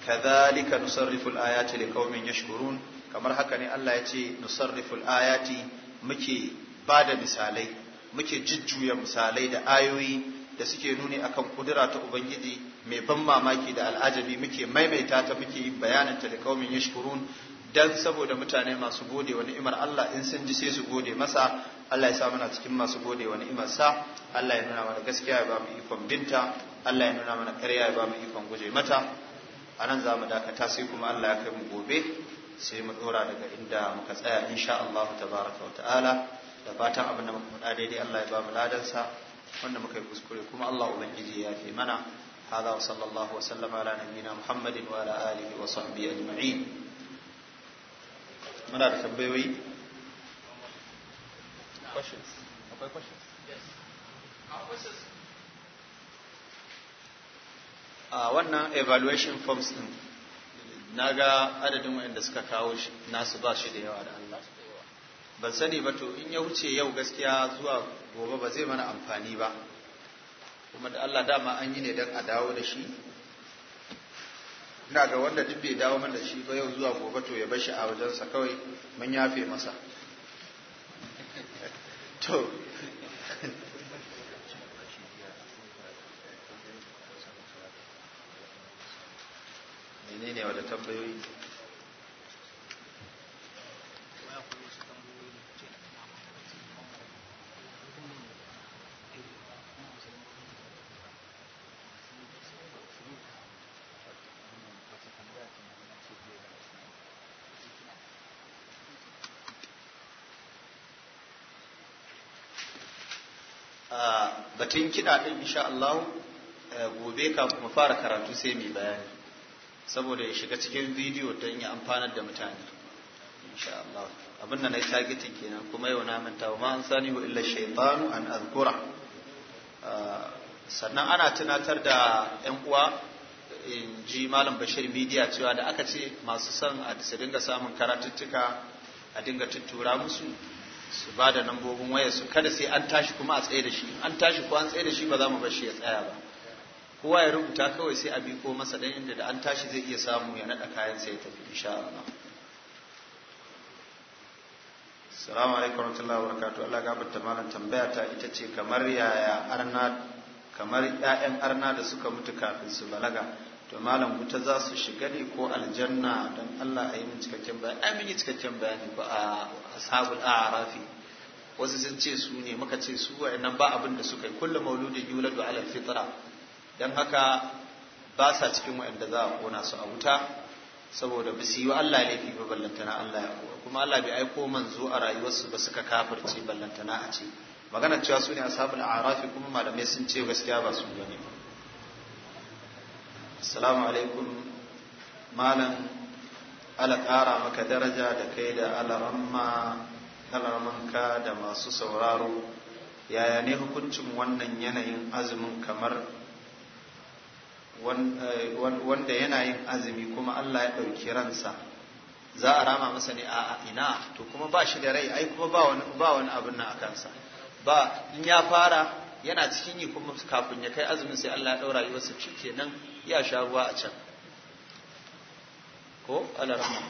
كذلك نصرف الآيات لقوم يشكرون kamar haka ne Allah ya ce nusarriful ayati muke ba da misalai muke jujjuya misalai da ayoyi da suke nuni akan kudura ta Ubangiji mai ban mamaki da al'ajabi muke maimaita ta muke yin bayananta da kaumin yashkurun dan saboda mutane masu gode wa ni'imar Allah in sun ji sai su gode masa Allah ya sa muna cikin masu gode wa ni'imarsa Allah ya nuna mana gaskiya ya ba mu ikon binta Allah ya nuna mana karya ya ba mu ikon guje mata a nan za mu dakata sai kuma Allah ya kai mu gobe sai mu dora daga inda muka tsaya insha Allah tabaraka wa ta'ala da fatan abin da muka faɗa daidai Allah ya ba mu ladansa wanda muka yi kuskure kuma Allah ubangiji ya fi mana هذا وصلى الله وسلم Muhammadin نبينا محمد وعلى آله وصحبه أجمعين muna da tambayoyi questions akwai questions yes questions a ah, wannan evaluation forms din na ga adadin waɗanda suka kawo shi nasu ba shi da yawa da Allah ban sani ba to in ya wuce yau gaskiya zuwa gobe ba zai mana amfani ba kuma da Allah dama an yi ne don a dawo da shi ina ga wanda duk bai dawo mana da shi ba yau zuwa gobe to ya bar shi a wajensa kawai mun yafe masa to menene wata tambayoyi batun kiɗa ɗin insha Allah eh, gobe kafin mu fara karatu sai mu bayani saboda ya shiga cikin bidiyo don ya amfanar da mutane insha Allah abin da na yi kenan kuma yau na manta wa an sani wa illa shaitanu an azkura eh, sannan ana tunatar da yan uwa in ji malam bashir media cewa da aka ce masu son a dinga samun karatuttuka a dinga tuttura musu su ba da lambobin wayar su kada sai an tashi kuma a tsaye da shi an tashi ko an tsaye da shi ba za mu bar shi ya tsaya ba kowa ya rubuta kawai sai a biko masa dan inda da an tashi zai iya samu ya nada kayan sai ya tafi insha Allah Assalamu alaikum warahmatullahi wabarakatuh Allah gafarta malam tambaya ta ita ce kamar yaya arna kamar 'ya'yan arna da suka mutu kafin su balaga to malam wuta za su shiga ne ko aljanna don Allah a yi min cikakken bayani ai mun yi cikakken bayani ba a a rafi. wasu sun ce su ne muka ce su wa'annan ba abin da suka yi kullu mauludin yuladu ala fitra dan haka ba sa cikin wa'anda za a kona su a wuta saboda ba su yi wa Allah laifi ba ballantana Allah ya kuma Allah bai aiko manzo a rayuwarsu ba suka kafirce ballantana a ce magana cewa su ne a a arafi kuma malamai sun ce gaskiya ba su bane assalamu alaikum malam ala ƙara maka daraja da kai da alaramma alaramanka da masu sauraro yaya ne hukuncin wannan yanayin azumin kamar eh, wanda yana yin azumi kuma Allah ya ɗauki ransa za a rama masa ne a ina to kuma ba shi da rai ai kuma ba wani abin nan a kansa ba in ya fara yana cikin yi kuma kafin ya kai azumin sai Allah ya daura yi wasu ci nan ya sha ruwa a can ko alarama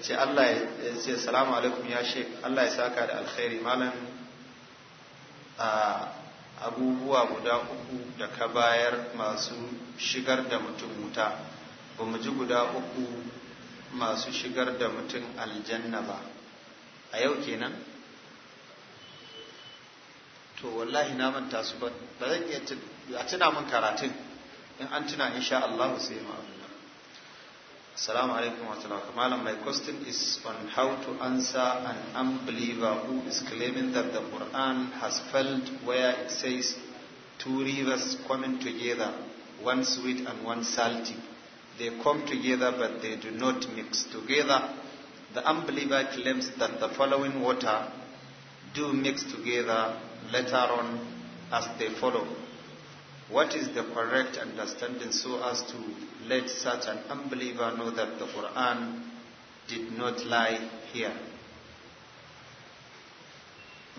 ce Allah ya ce salamu alaikum ya shek Allah ya saka da alkhairi malam a abubuwa guda uku da ka bayar masu shigar da mutum wuta ba mu ji guda uku masu shigar da mutum aljanna ba a yau kenan to wallahi na manta su ba zan iya a tuna karatun in an tuna insha Allah sai mu abuna assalamu alaikum wa rahmatullahi malam my question is on how to answer an unbeliever who is claiming that the Quran has failed where it says two rivers coming together one sweet and one salty they come together but they do not mix together the unbeliever claims that the following water do mix together later on as they follow. What is the correct understanding so as to let such an unbeliever know that the Quran did not lie here?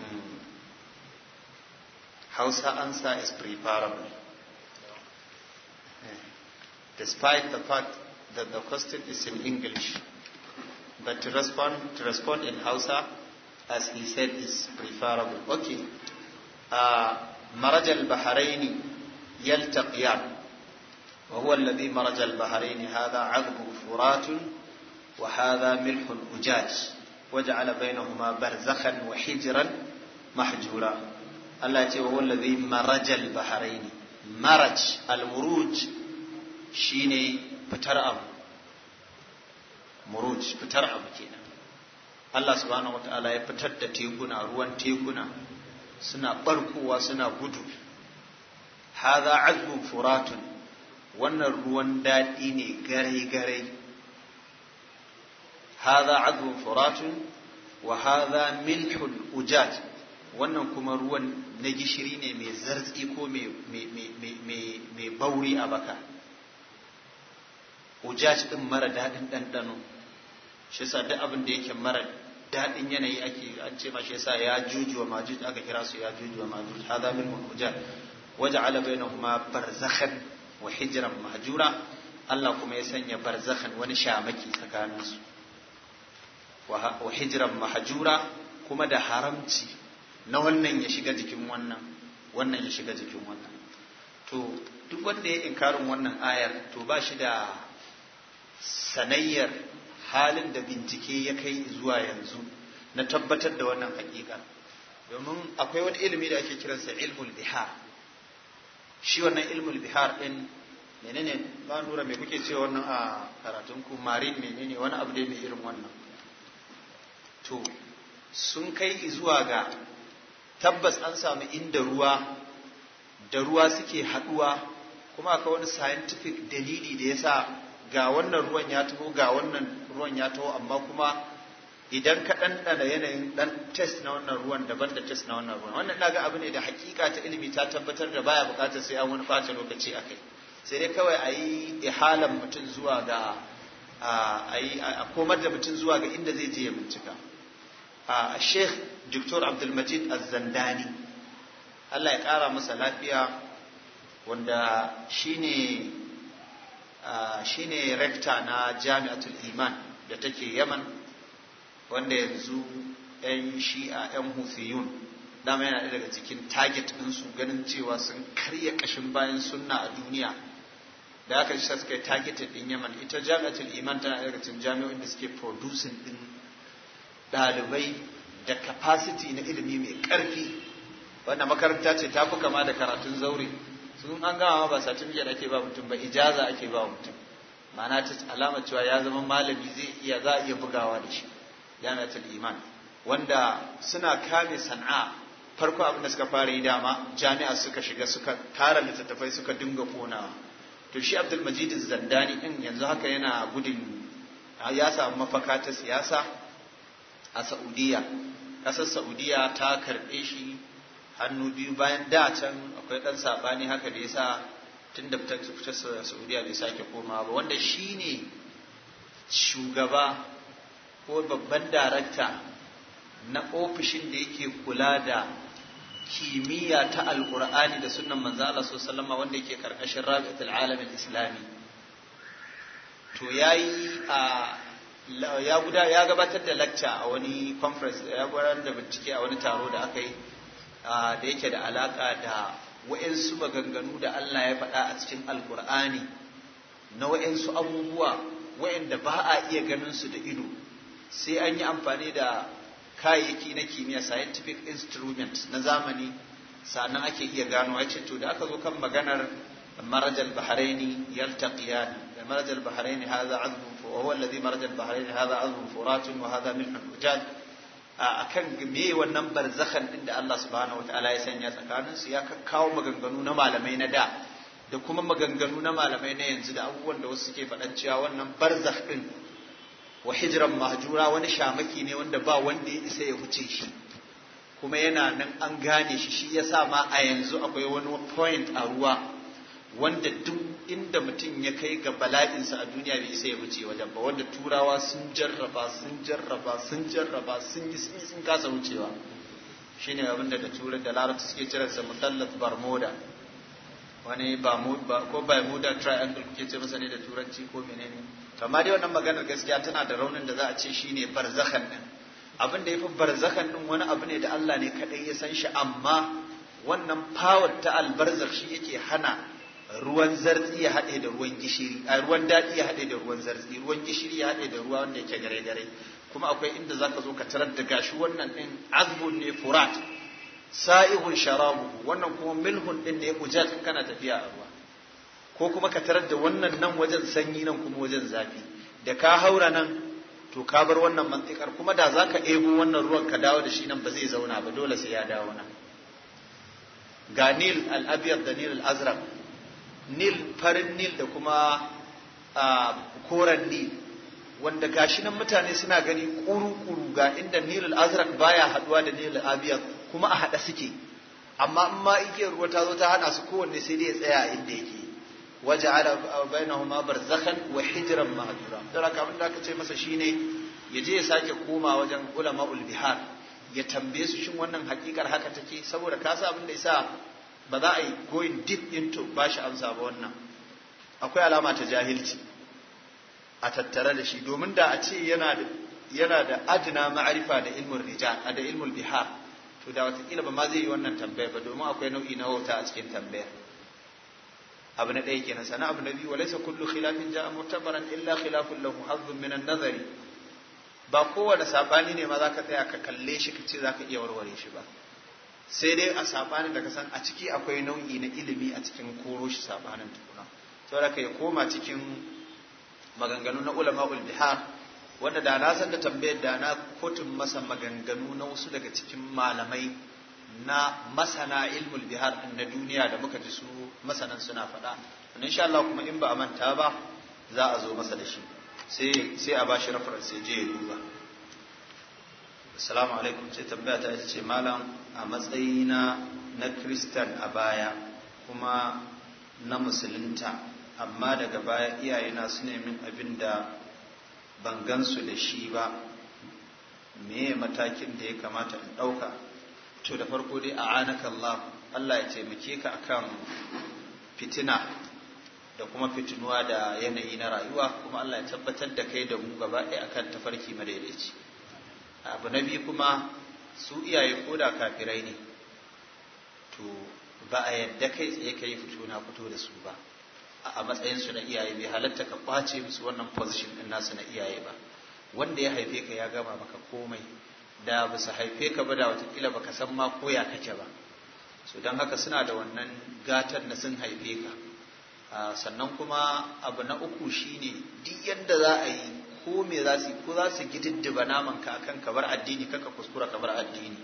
Mm. answer is preparable. Eh. Despite the fact that the question is in English, but to respond, to respond in Hausa, as he said, is preferable. Okay. a marajal bahraini yaltaqiyan wa huwa alladhi marajal baharaini hadha azbu furatun wa hadha milhun ujaj waja'ala bainahuma barzakhan wa hijran mahjura Allah ya ce wa huwa alladhi marajal baharaini maraj al-muruj shine fitar abu muruj fitar abu Allah ya fitar da tekuna ruwan tekuna suna barkowa suna gudu haza azbun furatun wannan ruwan daɗi ne gare-gare haza azbun furatun wa haza milhul ujaj wannan kuma ruwan na gishiri ne mai zartsi ko mai bauri a baka ujaj ɗin mara daɗin ɗanɗano shi sa duk abin da yake mara daɗin yanayi ake an ce mashi yasa ya juju wa majuj aka kira su ya juju wa majuj hada min hujjar waja'ala bainahuma barzakhan wa hijran mahjura Allah kuma ya sanya barzakhan wani shamaki tsakanin su wa hijran mahjura kuma da haramci na wannan ya shiga jikin wannan wannan ya shiga jikin wannan to duk wanda ya inkarin wannan ayar to ba shi da sanayyar halin da bincike ya kai zuwa yanzu na tabbatar da wannan hakika domin akwai wani ilimi da ake kiransa ilmul bihar shi wannan ilmul bihar din menene ba nura me kuke cewa wannan a karatun ku marin menene wani abu dai mai irin wannan to sun kai zuwa ga tabbas an samu inda ruwa da ruwa suke haduwa kuma akwai wani scientific dalili da yasa ga wannan ruwan ya taho ga wannan ruwan ya taho amma kuma idan ka ɗanɗana yanayin ɗan test na wannan ruwan daban da test na wannan ruwan wannan naga abu ne da hakika ta ilimi ta tabbatar da baya buƙatar sai an wani ɓata lokaci a kai sai dai kawai a yi ihalan mutum zuwa ga a komar da mutum zuwa ga inda zai je ya bincika a sheikh dr abdulmajid azzandani allah ya ƙara masa lafiya wanda shine Ah, shi ne rekta na jami'atul iman da take yaman wanda yanzu 'yan shi'a 'yan hufiyun dama yana daga cikin target ɗinsu ganin cewa sun karya ƙashin bayan sunna a duniya da aka shi suka yi targeted ɗin yaman ita jami'atul iman tana daga cikin jami'o'in da suke producing ɗin ɗalibai da capacity na ilimi mai ƙarfi wannan makaranta ce ta fi kama da karatun zaure sun an gama ba certificate ake ba mutum ba ijaza ake ba mutum ma'ana ta alama cewa ya zama malami zai iya za a iya bugawa da shi yanatul iman wanda suna kame sana'a farko abin da suka fara yi dama jami'a suka shiga suka tara littattafai suka dinga konawa to shi abdul majid zandani din yanzu haka yana gudun ya samu mafaka ta siyasa a saudiya ƙasar saudiya ta karɓe shi hannu biyu bayan da can akwai ɗan saɓani haka da yasa tun da fitar fitar saudiya bai sake koma ba wanda shi ne shugaba ko babban darakta na ofishin da yake kula da kimiyya ta alƙur'ani da sunan manzo Allah sallallahu wanda yake karkashin rabi'atul alamin islami to yayi a ya gudanar ya gabatar da lacca a wani conference ya gudanar da bincike a wani taro da aka yi da yake da alaƙa da wa'insu maganganu da Allah ya faɗa a cikin Alƙur'ani na wa'insu abubuwa wa'inda ba a iya ganin su da ido sai an yi amfani da kayayyaki na kimiyya scientific instrument na zamani sannan ake iya gano ake to da aka zo kan maganar مرج البحرين Bahraini مرج البحرين هذا عذب وهو الذي haza البحرين هذا a kan me wannan barzakhan din da Allah subhanahu wataala ya sanya tsakanin su ya kakkawo maganganu na malamai na da da kuma maganganu na malamai na yanzu da abubuwan da wasu suke faɗan cewa wannan barzakh din wa hijran mahjura wani shamaki ne wanda ba wanda ya isa ya huce shi kuma yana nan an gane shi shi yasa ma a yanzu akwai wani point a ruwa wanda duk inda mutum ya kai ga bala'insa a duniya bai isa ya wuce wajen ba wanda turawa sun jarraba sun jarraba sun jarraba sun yi sun kasa wucewa ne abin da turar da larabci suke sa musallat barmoda wani ko bermuda triangle kuke ce masa ne da turanci ko menene amma dai wannan maganar gaskiya tana da raunin da za a ce shine barzakhan din abin da yafi barzakhan din wani abu ne da Allah ne kadai ya san shi amma wannan power ta albarzakh shi yake hana ruwan zartsi ya haɗe da ruwan gishiri a ruwan daɗi ya haɗe da ruwan zartsi ruwan gishiri ya haɗe da ruwa wanda yake gare gare kuma akwai inda zaka zo ka tarar da gashi wannan ɗin azbun ne furat sa'ihun sharabu wannan kuma milhun ɗin ne ujat kana tafiya a ruwa ko kuma ka tarar da wannan nan wajen sanyi nan kuma wajen zafi da ka haura nan to ka bar wannan mantikar kuma da zaka ebo wannan ruwan ka dawo da shi nan ba zai zauna ba dole sai ya dawo nan Ganil al-abyad da nil al-azraq nil farin nil da kuma koren nil wanda gashi nan mutane suna gani kuru-kuru ga inda Nil azrak baya haduwa da Nil abiyar kuma a haɗa suke amma in ma igiyar ruwa ta zo ta hana su kowanne sai dai ya tsaya inda yake waje ala bainahuma barzakhan wa hijran ma'dura dara kamar da aka ce masa shine ya je ya sake koma wajen ulama ul bihar ya tambaye su shin wannan hakikar haka take saboda kasa sa abin da yasa ba za a yi going deep into ba shi amsa ba wannan akwai alama ta jahilci a tattare da shi domin da a ce yana da adina ma'arifa da ilmul a da ilmul bihar to da watakila ba ma zai yi wannan tambaya ba domin akwai nau'i na wauta a cikin tambaya abu na ɗaya kenan sana abu na biyu wa laisa kullu khilafin ja'a mutabaran illa khilafun lahu hazzun minan nazari ba kowane sabani ne ma zaka tsaya ka kalle shi ka ce zaka iya warware shi ba sai dai a sabanin da ka san a ciki akwai nau'i na ilimi a cikin koro shi sabanin tukuna da ka ya koma cikin maganganu na ulama'ul bihar wanda da na san da tambayar da na kotun masa maganganu na wasu daga cikin malamai na masana ilmul bihar na duniya da muka ji su masanan suna faɗa sha Allah kuma in ba a manta ba za a zo masa da shi sai a bashi shi sai je ya duba assalamu alaikum ce tambaya ta ce malam a matsayina na kristan a baya kuma na musulunta amma daga baya iyayena su min abin da ban gansu da shi ba meye matakin da ya kamata in ɗauka to da farko dai a anakallah Allah ya taimake ka akan fitina da kuma fitinuwa da yanayi na rayuwa kuma Allah ya tabbatar da kai da mu gaba ɗaya akan tafarki madaidaici abu na biyu kuma su iyaye ko da kafirai ne to ba a yadda kai tsaye ka yi fito na fito da su ba a su na iyaye bai halatta ka kwace musu wannan position ɗin nasu na iyaye ba wanda ya haife ka ya gama maka komai da ba su haife ka ba da watakila ba ka san ma koya kake ba so don haka suna da wannan gatar na sun haife ka ah, sannan kuma abu na uku shine duk yadda za a yi ko me za su ko za su gididdiba naman ka akan ka bar addini kaka kuskura ka bar addini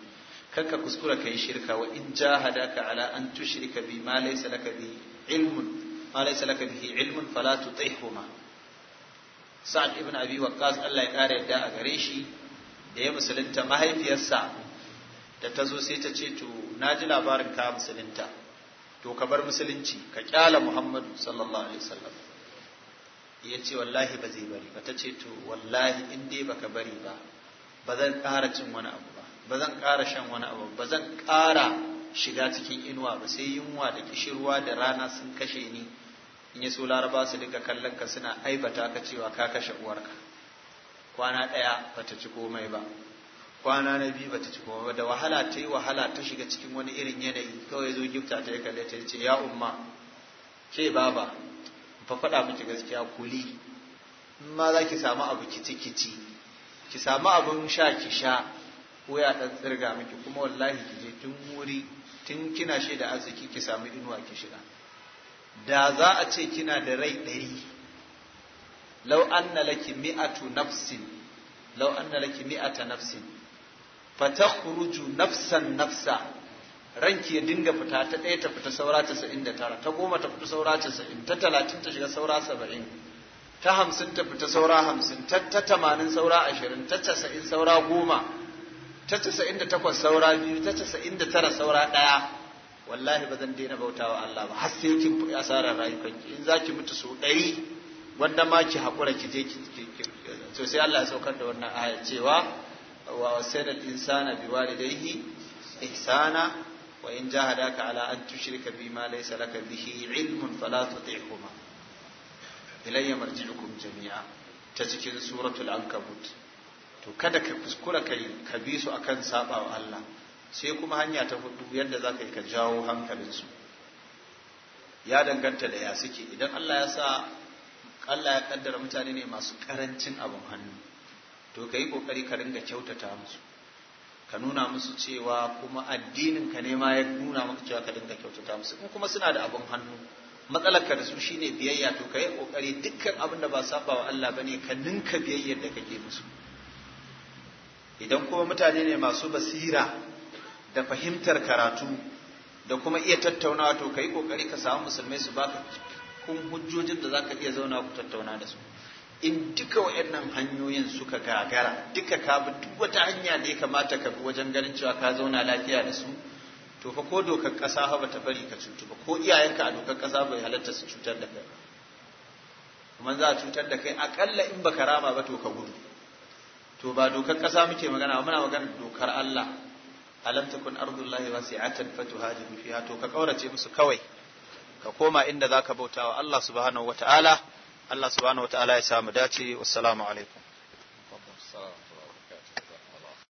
kaka kuskura kai shirka wa in jahadaka ala an tushrika bi ma laysa laka bi ilmun ma laysa laka bihi ilmun fala tutihuma sa'ad ibn abi waqqas Allah ya kare yadda a gare shi da ya musulunta mahaifiyarsa da ta zo sai ta ce to na ji labarin ka musulunta to ka bar musulunci ka kyala muhammadu sallallahu alaihi wasallam ya ce wallahi ba zai bari ba ta ce to wallahi in dai baka bari ba ba zan ƙara cin wani abu ba ba zan ƙara shan wani abu ba zan ƙara shiga cikin inuwa ba sai yunwa da kishirwa da rana sun kashe ni in ya so laraba su dinga kallon ka suna aibata ka cewa ka kashe uwarka kwana ɗaya ta ci komai ba kwana na biyu ba ta ci komai ba da wahala ta yi wahala ta shiga cikin wani irin yanayi kawai zo gifta ta yi kalle ta ce ya umma ke baba fa faɗa miki gaskiya kuli in ma za ki samu abu kici kici ki samu abun sha ki sha ko ya ɗan tsirga miki kuma wallahi ki je tun wuri tun kina shaida arziki ki samu inuwa ki shiga da za a ce kina da rai ɗari lau anna laki mi'atu nafsin lau anna laki mi'ata nafsin fa takhruju nafsan nafsa ranki ya dinga fita ta ɗaya ta fita saura casa'in da tara ta goma ta fita saura casa'in ta talatin ta shiga saura saba'in ta hamsin ta fita saura hamsin ta tamanin saura ashirin ta casa'in saura goma ta casa'in da takwas saura biyu ta casa'in da tara saura ɗaya wallahi ba zan daina bautawa Allah ba har sai kin fi asarar rayukanki in za ki mutu sau ɗari wanda ma ki haƙura ki je ki to sai Allah ya saukar da wannan aya cewa wa wasai da insana biwalidaihi ihsana wa in jahadaka ala an tushrika bima laysa laka bihi ilmun fala tuti'huma ilayya marji'ukum jami'a ta cikin suratul ankabut to kada ka kuskura kai ka bi su akan saba wa Allah sai kuma hanya ta hudu yadda za ka yi ka jawo hankalinsu ya danganta da ya suke idan Allah ya sa Allah ya kaddara mutane ne masu karancin abin hannu to ka yi kokari ka ringa kyautata musu ka nuna musu cewa kuma addinin ka ne ma ya nuna maka cewa ka dinga kyautata musu in kuma suna da abin hannu matsalar ka da su shine biyayya to kai kokari dukkan abin da ba saba wa Allah bane ka ninka biyayyar da kake musu idan kuma mutane ne masu basira da fahimtar karatu da kuma iya tattaunawa to kai kokari ka samu musulmai su baka kun hujjojin da zaka iya zauna ku tattauna da su in duka waɗannan hanyoyin suka gagara duka ka bi duk wata hanya da ya kamata ka bi wajen ganin cewa ka zauna lafiya da su to fa ko dokar ƙasa ba ta bari ka cutu ba ko iyayenka a dokar ƙasa bai halatta su cutar da kai kuma za a cutar da kai akalla in baka rama ba to ka gudu to ba dokar ƙasa muke magana muna magana dokar Allah alam takun ardullahi wasi'atan fatuhajiru fiha to ka kaurace musu kawai ka koma inda zaka bautawa Allah subhanahu wataala Allah subhanahu ta'ala ya samu dace wassalamu alaikum